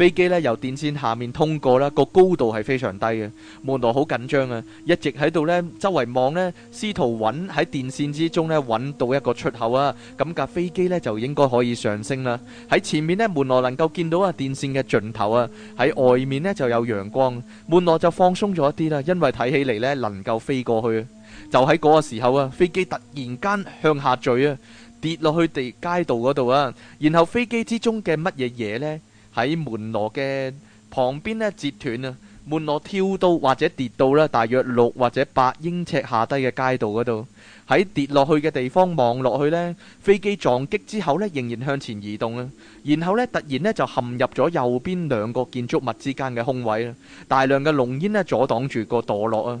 飛機咧由電線下面通過啦，個高度係非常低嘅。門羅好緊張啊，一直喺度咧周圍望咧，試圖揾喺電線之中咧揾到一個出口啊。咁架飛機咧就應該可以上升啦。喺前面咧，門羅能夠見到啊電線嘅盡頭啊。喺外面呢，就有陽光，門羅就放鬆咗一啲啦，因為睇起嚟咧能夠飛過去啊。就喺嗰個時候啊，飛機突然間向下墜啊，跌落去地街道嗰度啊。然後飛機之中嘅乜嘢嘢咧？喺門羅嘅旁邊咧，截斷啊，門羅跳到或者跌到啦，大約六或者八英尺下低嘅街道嗰度。喺跌落去嘅地方望落去呢，飛機撞擊之後咧，仍然向前移動啊，然後呢，突然咧就陷入咗右邊兩個建築物之間嘅空位啦，大量嘅濃煙咧阻擋住個墮落啊。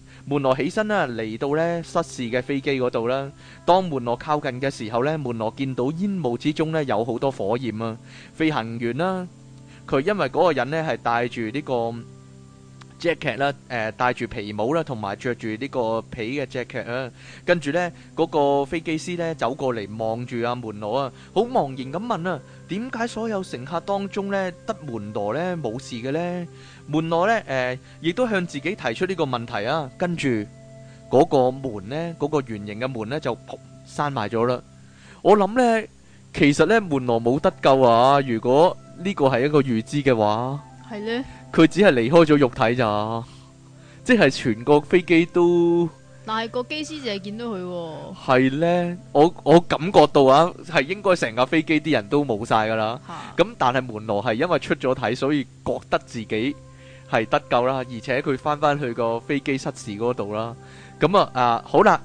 門羅起身啦，嚟到咧失事嘅飛機嗰度啦。當門羅靠近嘅時候咧，門羅見到煙霧之中咧有好多火焰啊。飛行員啦，佢因為嗰個人咧係戴住呢個 jacket 啦，誒，戴住皮帽啦，同埋着住呢個皮嘅 jacket 啊。跟住咧，嗰個飛機師咧走過嚟望住阿門羅啊，好茫然咁問啊：點解所有乘客當中咧得門羅咧冇事嘅咧？門羅呢，誒、呃，亦都向自己提出呢個問題啊，跟住嗰、那個門呢，嗰、那個圓形嘅門呢，就扑閂埋咗啦。我諗呢，其實呢，門羅冇得救啊！如果呢個係一個預知嘅話，係咧呢，佢只係離開咗肉體咋，即係全個飛機都。但係個機師淨係見到佢，啊。係咧，我我感覺到啊，係應該成架飛機啲人都冇晒噶啦。咁哈、嗯、但係門羅係因為出咗體，所以覺得自己。係得救啦，而且佢翻翻去個飛機失事嗰度啦，咁啊啊好啦，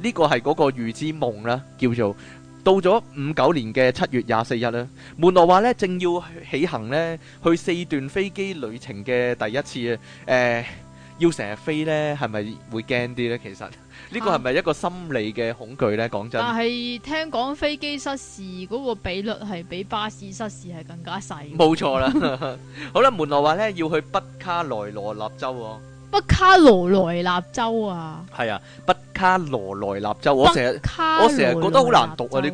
呢個係嗰個預知夢啦，叫做到咗五九年嘅七月廿四日啦。門羅話咧，正要起行咧，去四段飛機旅程嘅第一次啊，誒、呃，要成日飛咧，係咪會驚啲咧？其實。呢個係咪一個心理嘅恐懼呢？講真，但係聽講飛機失事嗰、嗰個比率係比巴士失事係更加細。冇錯啦， [laughs] [laughs] 好啦，門羅話呢，要去北卡羅來納州哦。北卡羅來納州啊？係啊，北卡羅來納州，州。我成日我成日覺得好難讀啊、呢個！呢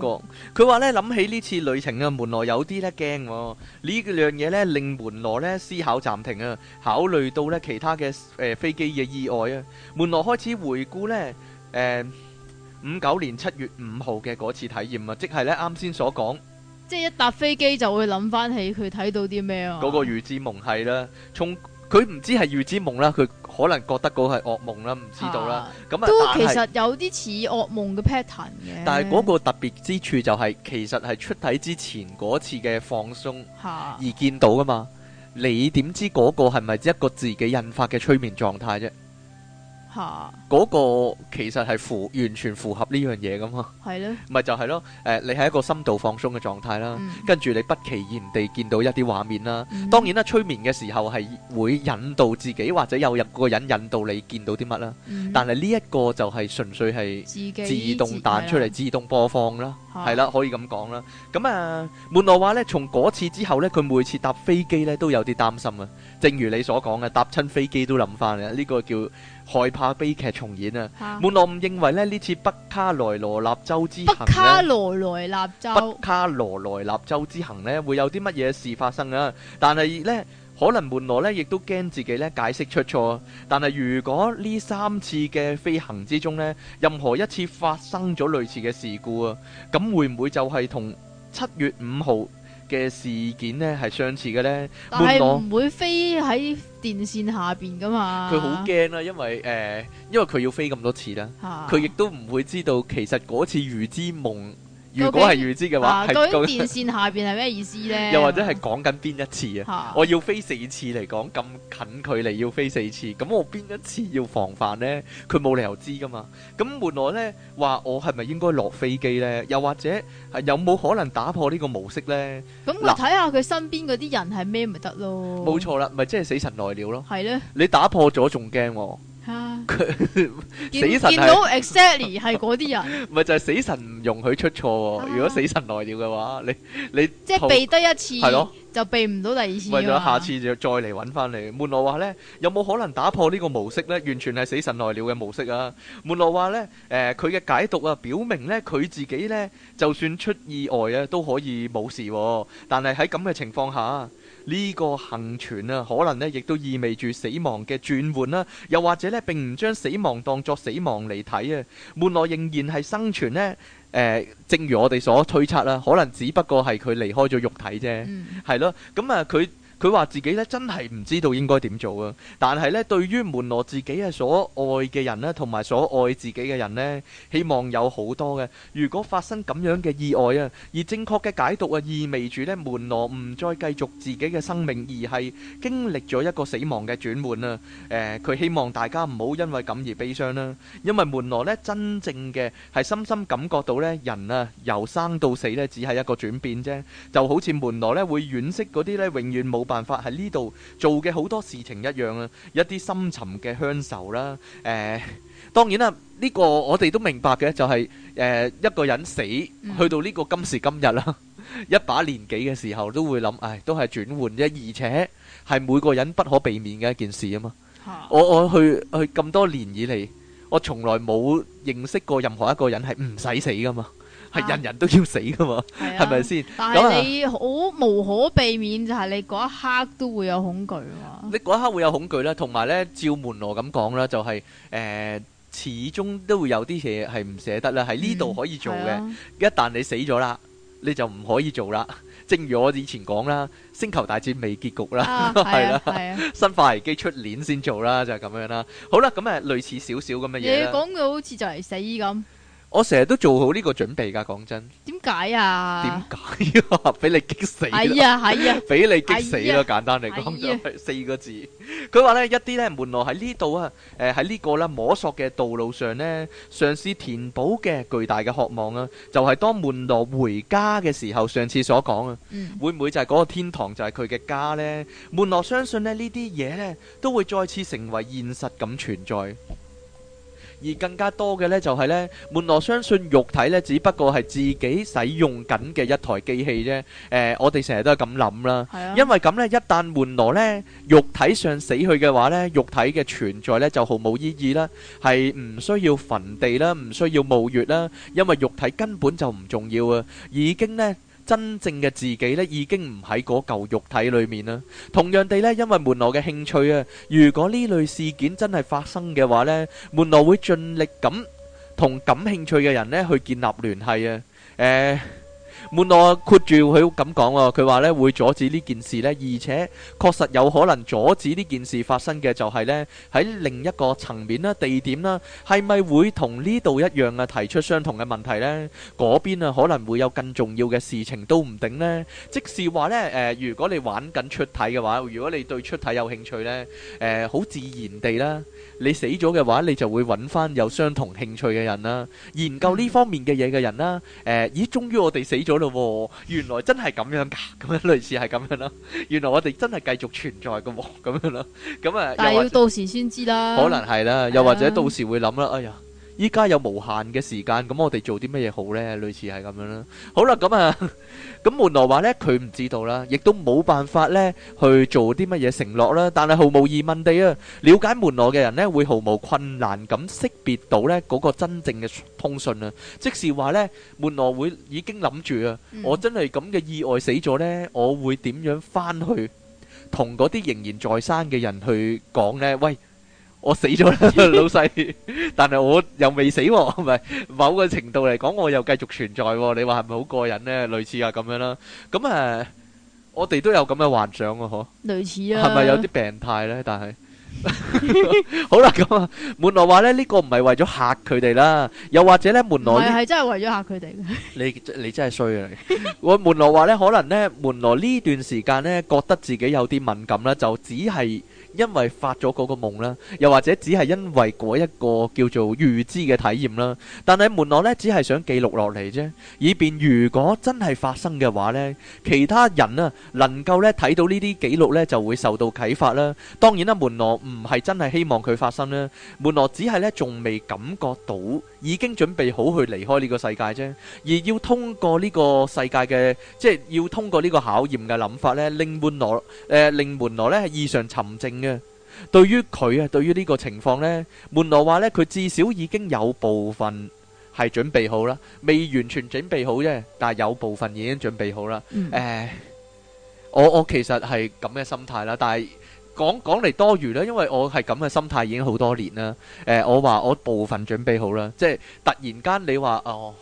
個佢話呢，諗起呢次旅程啊，門羅有啲咧驚，呢樣嘢呢，令門羅咧思考暫停啊，考慮到呢其他嘅誒、呃、飛機嘅意外啊，門羅開始回顧呢。誒，五九、嗯、年七月五號嘅嗰次體驗啊，即係咧啱先所講，即係一搭飛機就會諗翻起佢睇到啲咩啊？嗰個預知夢係啦，從佢唔知係預知夢啦，佢可能覺得嗰係噩夢啦，唔知道啦。咁、啊、就都其實是有啲似噩夢嘅 pattern 嘅。但係嗰個特別之處就係、是，其實係出體之前嗰次嘅放鬆而見到噶嘛？啊、你點知嗰個係咪一個自己引發嘅催眠狀態啫？嗰、啊、個其實係符完全符合呢樣嘢噶嘛，係咯的，咪 [laughs] 就係咯。誒、呃，你係一個深度放鬆嘅狀態啦，嗯、跟住你不期然地見到一啲畫面啦。嗯、當然啦，催眠嘅時候係會引導自己或者又有入個人引導你見到啲乜啦。嗯、但係呢一個就係純粹係自，己自動彈出嚟、自動播放啦，係啦、嗯啊，可以咁講啦。咁、嗯、啊，門羅話咧，從嗰次之後咧，佢每次搭飛機咧都有啲擔心啊。正如你所講嘅，搭親飛機都諗翻嚟。呢、這個叫。叫害怕悲劇重演啊！啊，門羅唔認為咧呢次北卡羅來納州之北卡羅來納州卡羅來納州之行咧會有啲乜嘢事發生啊！但係咧，可能門羅咧亦都驚自己咧解釋出錯。但係如果呢三次嘅飛行之中咧，任何一次發生咗類似嘅事故啊，咁會唔會就係同七月五號？嘅事件咧係相似嘅咧，呢但係唔會飛喺電線下邊㗎嘛。佢好驚啦，因為誒、呃，因為佢要飛咁多次啦，佢亦、啊、都唔會知道其實嗰次如之夢。如果係預知嘅話，究竟、啊、是電線 [laughs] 下邊係咩意思呢？又或者係講緊邊一次啊？啊我要飛四次嚟講，咁近距離要飛四次，咁我邊一次要防範呢？佢冇理由知噶嘛？咁換來呢，話我係咪應該落飛機呢？又或者係有冇可能打破呢個模式呢？咁佢睇下佢身邊嗰啲人係咩咪得咯？冇錯啦，咪即係死神來了咯。係咧，你打破咗仲驚喎？啊！ [laughs] 見死神見到 exactly 係嗰啲人，唔係 [laughs] 就係死神唔容許出錯。 [laughs] 如果死神來了嘅話，你你即係避得一次， [laughs] 就避唔到第二次啦。咪就下次就再嚟揾翻你。門羅話咧，有冇可能打破呢個模式咧？完全係死神來了嘅模式啊！門羅話咧，誒、呃，佢嘅解讀啊，表明咧佢自己咧，就算出意外啊，都可以冇事，啊。但係喺咁嘅情況下。呢個幸存啊，可能咧亦都意味住死亡嘅轉換啦，又或者咧並唔將死亡當作死亡嚟睇啊，門羅仍然係生存咧？誒、呃，正如我哋所推測啦、啊，可能只不過係佢離開咗肉體啫，係、嗯、咯，咁啊佢。佢話自己咧真係唔知道應該點做啊！但係咧，對於門羅自己嘅所愛嘅人咧，同埋所愛自己嘅人咧，希望有好多嘅。如果發生咁樣嘅意外啊，而正確嘅解讀啊，意味住咧門羅唔再繼續自己嘅生命，而係經歷咗一個死亡嘅轉換啊。誒，佢希望大家唔好因為咁而悲傷啦，因為門羅咧真正嘅係深深感覺到咧，人啊由生到死咧只係一個轉變啫，就好似門羅咧會惋惜嗰啲咧永遠冇辦辦法喺呢度做嘅好多事情一樣啊，一啲深沉嘅鄉愁啦。誒，當然啦，呢個我哋都明白嘅，就係誒一個人死去到呢個今時今日啦，一把年紀嘅時候都會諗，唉，都係轉換啫。而且係每個人不可避免嘅一件事啊嘛。我我去去咁多年以嚟，我從來冇認識過任何一個人係唔使死噶嘛。係 [music] 人人都要死噶嘛，係咪先？是是但係你好無可避免就係你嗰一刻都會有恐懼，啊、你嗰一刻會有恐懼啦，同埋咧，照門羅咁講啦，就係誒，始終都會有啲嘢係唔捨得啦，喺呢度可以做嘅，嗯啊、一旦你死咗啦，你就唔可以做啦。 [laughs] 正如我以前講啦，星球大戰未結局啦，係啦，啊，生化危機出年先做啦，就係、是、咁樣啦，啊。好啦，啊，咁誒、啊，類似少少咁嘅嘢啦。 [music] 你講佢好似就嚟死咁。 [music] 我成日都做好呢個準備噶，講真。點解啊？點解啊？俾你激死啦！係啊係啊，俾你激死咯！簡單嚟講就係四個字。佢話咧，一啲咧，門羅喺呢度啊，誒喺呢個咧摸索嘅道路上咧，嘗試填補嘅巨大嘅渴望啦，就係當門羅回家嘅時候，上次所講啊，會唔會就係嗰個天堂就係佢嘅家咧？門羅相信咧呢啲嘢咧都會再次成為現實咁存在。而更加多嘅呢就係呢，門羅相信肉體呢只不過係自己使用緊嘅一台機器啫。誒，我哋成日都係咁諗啦，因為咁呢，一旦門羅呢肉體上死去嘅話呢，肉體嘅存在呢就毫無意義啦，係唔需要墳地啦，唔需要墓穴啦，因為肉體根本就唔重要啊，已經呢。真正嘅自己呢，已經唔喺嗰嚿肉體裏面啦。同樣地呢，因為門羅嘅興趣啊，如果呢類事件真係發生嘅話呢，門羅會盡力噉同感興趣嘅人呢去建立聯繫啊。誒、呃。門羅括住佢咁講喎，佢話咧會阻止呢件事咧，而且確實有可能阻止呢件事發生嘅就係咧喺另一個層面啦、地點啦，係咪會同呢度一樣啊？提出相同嘅問題咧，嗰邊啊可能會有更重要嘅事情都唔定咧。即係話咧誒，如果你玩緊出體嘅話，如果你對出體有興趣咧，誒好自然地啦，你死咗嘅話，你就會揾翻有相同興趣嘅人啦，研究呢方面嘅嘢嘅人啦，誒咦，終於我哋死咗。嗰咯，原來真係咁樣噶，咁樣類似係咁樣咯。原來我哋真係繼續存在嘅咁樣咯。咁啊，但係要到時先知啦。可能係啦，又或者到時會諗啦。啊、哎呀～依家有無限嘅時間，咁我哋做啲乜嘢好呢？類似係咁樣啦。好啦，咁啊，咁 [laughs] 門羅話呢，佢唔知道啦，亦都冇辦法呢去做啲乜嘢承諾啦。但係毫無疑問地啊，了解門羅嘅人呢，會毫無困難咁識別到呢嗰個真正嘅通訊啊。即是話呢，門羅會已經諗住啊，嗯、我真係咁嘅意外死咗呢，我會點樣翻去同嗰啲仍然在生嘅人去講呢：「喂！我死咗啦，老細！但係我又未死喎，唔係？某個程度嚟講，我又繼續存在。你話係咪好過癮咧？類似啊咁樣啦。咁誒，我哋都有咁嘅幻想啊，嗬？類似啊。係咪有啲病態咧？但係好啦，咁啊，門羅話咧，呢個唔係為咗吓佢哋啦，又或者咧門羅係係真係為咗吓佢哋。你真你真係衰啊！我門羅話咧，可能咧門羅呢段時間咧覺得自己有啲敏感啦，就只係。因為發咗嗰個夢啦，又或者只係因為嗰一個叫做預知嘅體驗啦，但係門羅咧只係想記錄落嚟啫，以便如果真係發生嘅話咧，其他人啊能夠咧睇到呢啲記錄咧就會受到啟發啦。當然啦，門羅唔係真係希望佢發生啦，門羅只係咧仲未感覺到，已經準備好去離開呢個世界啫，而要通過呢個世界嘅，即係要通過呢個考驗嘅諗法咧，令門羅誒令門羅咧係異常沉靜。對於佢啊，對於呢個情況咧，門羅話咧，佢至少已經有部分係準備好啦，未完全準備好啫，但係有部分已經準備好啦。誒，我我其實係咁嘅心態啦，但係講講嚟多餘啦，因為我係咁嘅心態已經好多年啦。誒，我話我部分準備好啦，即係突然間你話哦。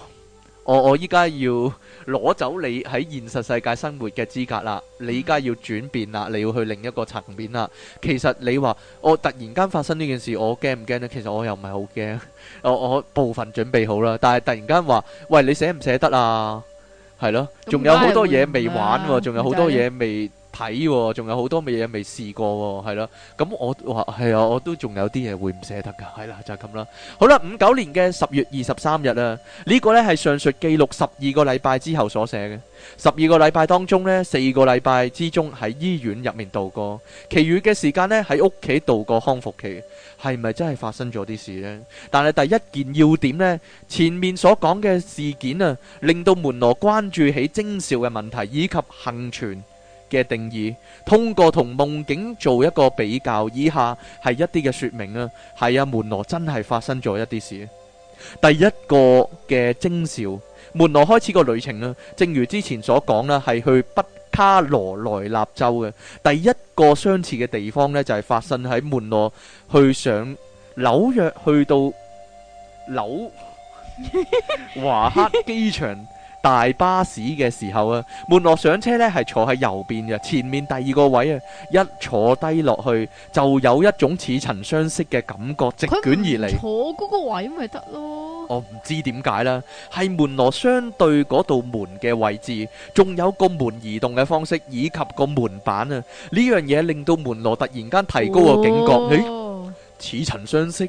我我依家要攞走你喺現實世界生活嘅資格啦，你依家要轉變啦，你要去另一個層面啦。其實你話我突然間發生呢件事，我驚唔驚呢？其實我又唔係好驚，我我部分準備好啦。但係突然間話，喂，你捨唔捨得啊？係咯，仲有好多嘢未玩喎，仲有好多嘢未睇喎，仲有好多嘅嘢未試過喎，係咯。咁我話係啊，我都仲有啲嘢會唔捨得噶，係啦，就係咁啦。好啦，五九年嘅十月二十三日啊，呢個咧係上述記錄十二個禮拜之後所寫嘅。十二個禮拜當中咧，四個禮拜之中喺醫院入面度過，其餘嘅時間咧喺屋企度過康復期，係咪真係發生咗啲事咧？但係第一件要點咧，前面所講嘅事件啊，令到門羅關注起徵兆嘅問題以及幸存嘅定義，通過同夢境做一個比較，以下係一啲嘅說明啊，係啊，門羅真係發生咗一啲事。第一個嘅徵兆，門羅開始個旅程呢、啊、正如之前所講啦，係去北卡羅來納州嘅。第一個相似嘅地方呢就係、是、發生喺門羅去上紐約去到紐華克機場大巴士嘅時候啊，門羅上車呢係坐喺右邊嘅前面第二個位啊，一坐低落去就有一種似曾相識嘅感覺席捲而嚟。坐嗰個位咪得咯。我唔、哦、知點解啦，係門羅相對嗰道門嘅位置，仲有個門移動嘅方式以及個門板啊，呢樣嘢令到門羅突然間提高個警覺。咦哇，似曾相識，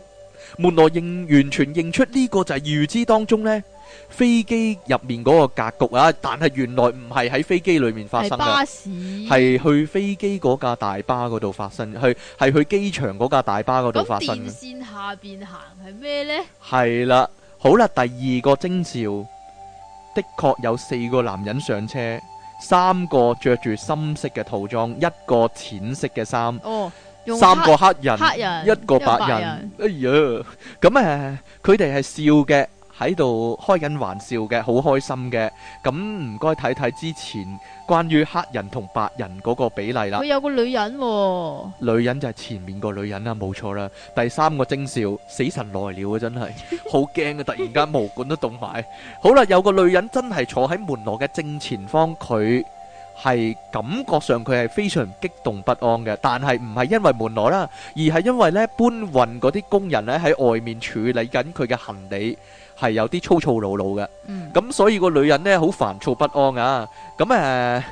門羅認完全認出呢個就係預知當中呢。飛機入面嗰個格局啊，但係原來唔係喺飛機裏面發生嘅，係巴士，係去飛機嗰架大巴嗰度發生，去係去機場嗰架大巴嗰度發生嘅、嗯。電線下邊行係咩呢？係啦，好啦，第二個徵兆的確有四個男人上車，三個着住深色嘅套裝，一個淺色嘅衫，哦、三個黑人，黑人一個白人，白人哎呀，咁誒、啊，佢哋係笑嘅。喺度開緊玩笑嘅，好開心嘅。咁唔該睇睇之前關於黑人同白人嗰個比例啦。我有個女人，女人就係前面個女人啦，冇錯啦。第三個徵兆，死神來了啊，真係好驚啊！突然間毛管都凍埋。好啦，有個女人真係坐喺門羅嘅正前方，佢係感覺上佢係非常激動不安嘅，但係唔係因為門羅啦，而係因為咧搬運嗰啲工人咧喺外面處理緊佢嘅行李。係有啲粗粗魯魯嘅，咁、嗯嗯、所以個女，啊嗯呃個，啊那個女人呢，好煩躁不安啊！咁誒，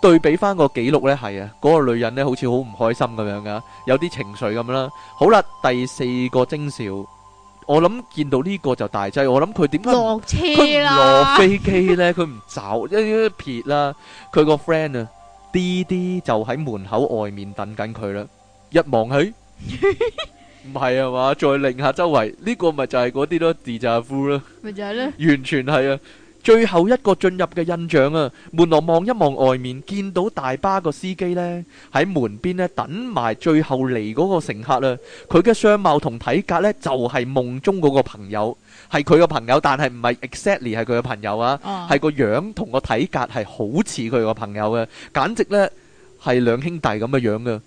對比返個記錄呢，係啊，嗰個女人呢，好似好唔開心咁樣噶，有啲情緒咁啦。好啦，第四個徵兆。我諗見到呢個就大劑，我諗佢點解佢落飛機呢，佢唔走，一撇啦，佢個 friend 啊，啲啲、啊、就喺門口外面等緊佢啦，一望起。 [laughs] 唔係啊嘛？再擰下周圍，呢個咪就係嗰啲咯，地煞夫咯，咪就係咯，完全係啊！最後一個進入嘅印象啊，門羅望一望外面，見到大巴個司機咧喺門邊咧等埋最後嚟嗰個乘客啦。佢嘅相貌同體格咧就係夢中嗰個朋友，係佢個朋友，但係唔係 exactly 係佢個朋友啊，係個樣同個體格係好似佢個朋友嘅，簡直咧係兩兄弟咁嘅樣噶。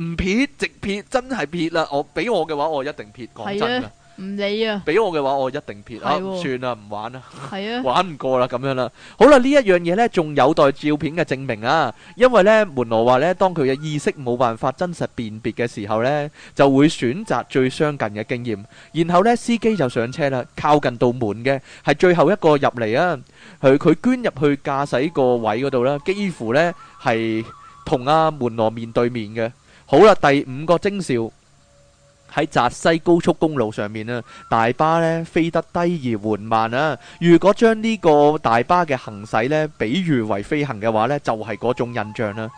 唔撇，直撇，真係撇啦！我俾我嘅話，我一定撇。講真啦，唔理啊！俾我嘅話，我一定撇啊！算啦，唔玩啦。係啊，玩唔過啦，咁樣啦。好啦，呢一樣嘢咧，仲有待照片嘅證明啊！因為咧，門羅話咧，當佢嘅意識冇辦法真實辨別嘅時候咧，就會選擇最相近嘅經驗。然後咧，司機就上車啦，靠近道門嘅係最後一個入嚟啊！佢佢捐入去駕駛個位嗰度啦，幾乎咧係同阿門羅面對面嘅。好啦，第五個徵兆喺澤西高速公路上面啦，大巴咧飛得低而緩慢啦。如果將呢個大巴嘅行駛咧，比喻為飛行嘅話咧，就係嗰種印象啦。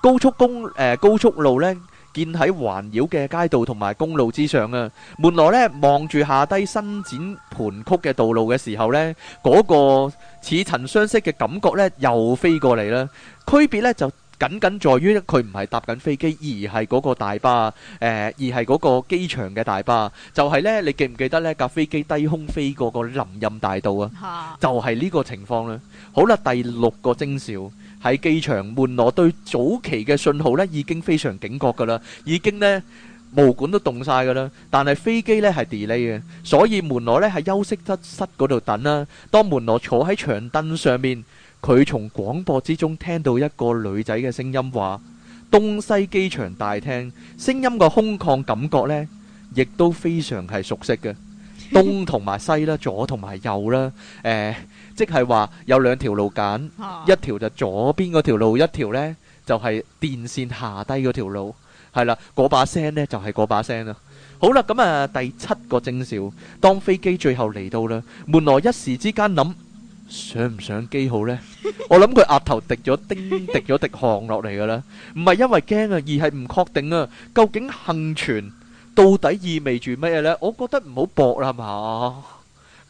高速公誒高速路咧，建喺環繞嘅街道同埋公路之上啊。門羅咧望住下低伸展盤曲嘅道路嘅時候咧，嗰個似曾相識嘅感覺咧又飛過嚟啦。區別咧就。僅僅在於佢唔係搭緊飛機，而係嗰個大巴，誒而係嗰個機場嘅大巴。就係咧，你記唔記得咧架飛機低空飛過個林蔭大道啊？就係呢個情況啦。好啦，第六個徵兆喺機場，門羅對早期嘅信號咧，已經非常警覺㗎啦，已經咧毛管都凍曬㗎啦。但係飛機咧係 delay 嘅，所以門羅咧喺休息室室嗰度等啦。當門羅坐喺長凳上面，佢從廣播之中聽到一個女仔嘅聲音話：東西機場大廳，聲音個空曠感覺呢，亦都非常係熟悉嘅。東同埋西啦，左同埋右啦，誒、欸，即係話有兩條路揀，一條就左邊嗰條路，一條呢就係、是、電線下低嗰條路，係啦，嗰把聲呢就係、是、嗰把聲啦。好啦，咁、嗯、啊、嗯嗯、第七個徵兆。當飛機最後嚟到啦，門羅一時之間諗。上唔上機好呢？ [laughs] 我諗佢額頭滴咗叮，滴咗滴汗落嚟噶啦，唔係因為驚啊，而係唔確定啊，究竟幸存到底意味住咩呢？我覺得唔好搏啦，係嘛？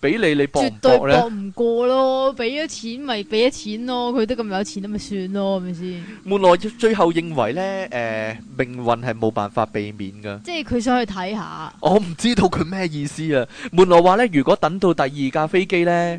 俾你你搏唔搏咧？搏唔過咯，俾咗錢咪俾咗錢咯，佢都咁有錢咁咪算咯，係咪先？門羅最後認為呢，誒、呃，命運係冇辦法避免噶。即係佢想去睇下。我唔知道佢咩意思啊。門羅話呢，如果等到第二架飛機呢。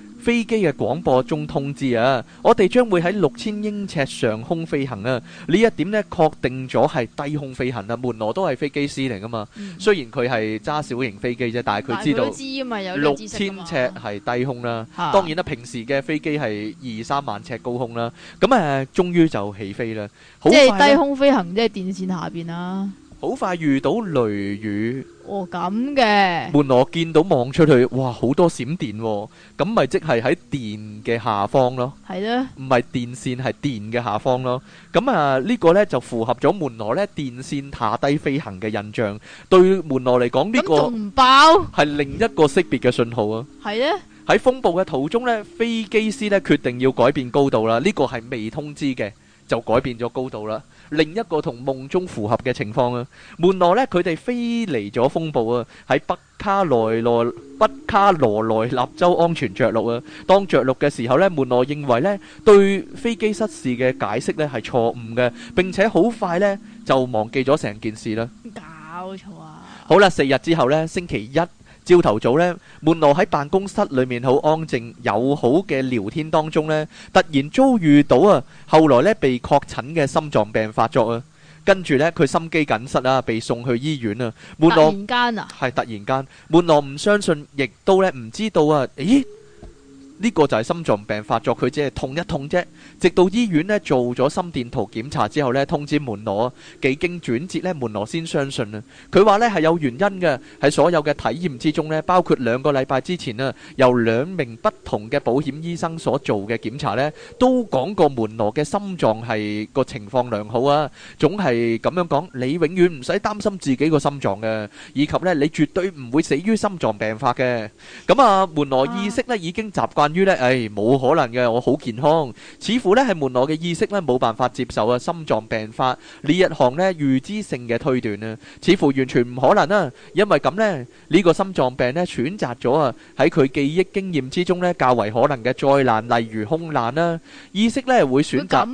飛機嘅廣播中通知啊，我哋將會喺六千英尺上空飛行啊！呢一點咧確定咗係低空飛行啊。門羅都係飛機師嚟㗎嘛，嗯、雖然佢係揸小型飛機啫，但係佢知道知吖嘛，有六千尺係低空啦。當然啦，平時嘅飛機係二三萬尺高空啦。咁、嗯、誒，終、啊、於就起飛啦！即係低空飛行，了即係電線下邊啦、啊。好快遇到雷雨。哦，咁嘅門羅見到望出去，哇，好多閃電，咁咪即係喺電嘅下方咯。係啊，唔係電線係電嘅下方咯。咁啊，呢個呢就符合咗門羅呢電線下低飛行嘅印象。對門羅嚟講，呢個仲唔爆係另一個識別嘅信號啊。係啊，喺風暴嘅途中呢，飛機師呢決定要改變高度啦。呢個係未通知嘅，就改變咗高度啦。另一個同夢中符合嘅情況啊，門羅咧佢哋飛離咗風暴啊，喺北卡羅來北卡羅來納州安全着陸啊。當着陸嘅時候咧，門羅認為咧對飛機失事嘅解釋咧係錯誤嘅，並且好快咧就忘記咗成件事啦。搞錯啊！好啦，四日之後咧，星期一。朝頭早咧，門羅喺辦公室裏面好安靜友好嘅聊天當中咧，突然遭遇到啊，後來咧被確診嘅心臟病發作啊，跟住咧佢心肌梗塞啦，被送去醫院啊。門羅，突然間啊，係突然間，門羅唔相信亦都咧唔知道啊，咦？呢個就係心臟病發作，佢只係痛一痛啫。直到醫院咧做咗心電圖檢查之後咧，通知門羅。幾經轉折咧，門羅先相信啊。佢話咧係有原因嘅。喺所有嘅體驗之中咧，包括兩個禮拜之前啊，由兩名不同嘅保險醫生所做嘅檢查咧，都講過門羅嘅心臟係個情況良好啊。總係咁樣講，你永遠唔使擔心自己個心臟嘅，以及咧你絕對唔會死於心臟病發嘅。咁啊，門羅意識咧已經習慣。於咧，唉，冇可能嘅，我好健康，似乎咧係門羅嘅意識咧冇辦法接受啊，心臟病發呢一項咧預知性嘅推斷啊，似乎完全唔可能啊，因為咁咧呢個心臟病咧選擇咗啊，喺佢記憶經驗之中咧較為可能嘅災難，例如空難啦，意識咧會選擇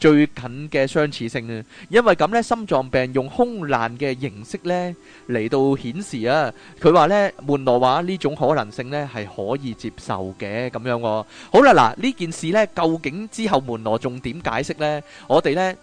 最近嘅相似性啊，因為咁咧心臟病用空難嘅形式咧。嚟到顯示啊！佢話咧門羅話呢種可能性咧係可以接受嘅咁樣喎、啊。好啦，嗱呢件事咧究竟之後門羅仲點解釋咧？我哋咧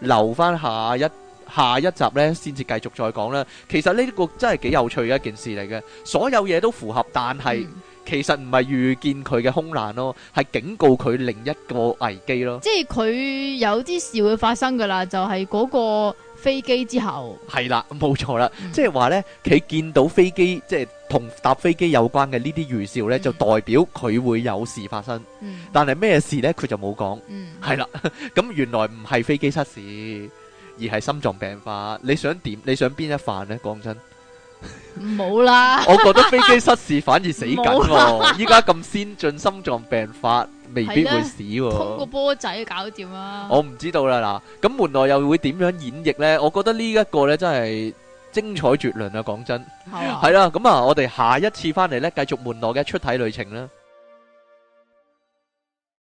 留翻下一下一集咧先至繼續再講啦。其實呢個真係幾有趣嘅一件事嚟嘅，所有嘢都符合，但係、嗯、其實唔係預見佢嘅空難咯，係警告佢另一個危機咯。即係佢有啲事會發生噶啦，就係、是、嗰、那個。飛機之後係、啊、啦，冇錯啦，即係話呢，佢見到飛機即係同搭飛機有關嘅呢啲預兆呢，就代表佢會有事發生。嗯、但係咩事呢？佢就冇講。係、嗯、是啦，咁 [laughs] 原來唔係飛機失事，而係心臟病發。你想點？你想邊一範呢？講真，冇 [laughs] 啦沒了。 [laughs] 我覺得飛機失事反而死緊喎、啊。依家咁先進，心臟病發。未必會死喎，通個波仔搞掂啦。我唔知道啦，嗱，咁門羅又會點樣演繹呢？我覺得呢一個呢，真係精彩絕倫啊！講真，係啦，咁啊，我哋下一次翻嚟呢，繼續門羅嘅出體旅程啦。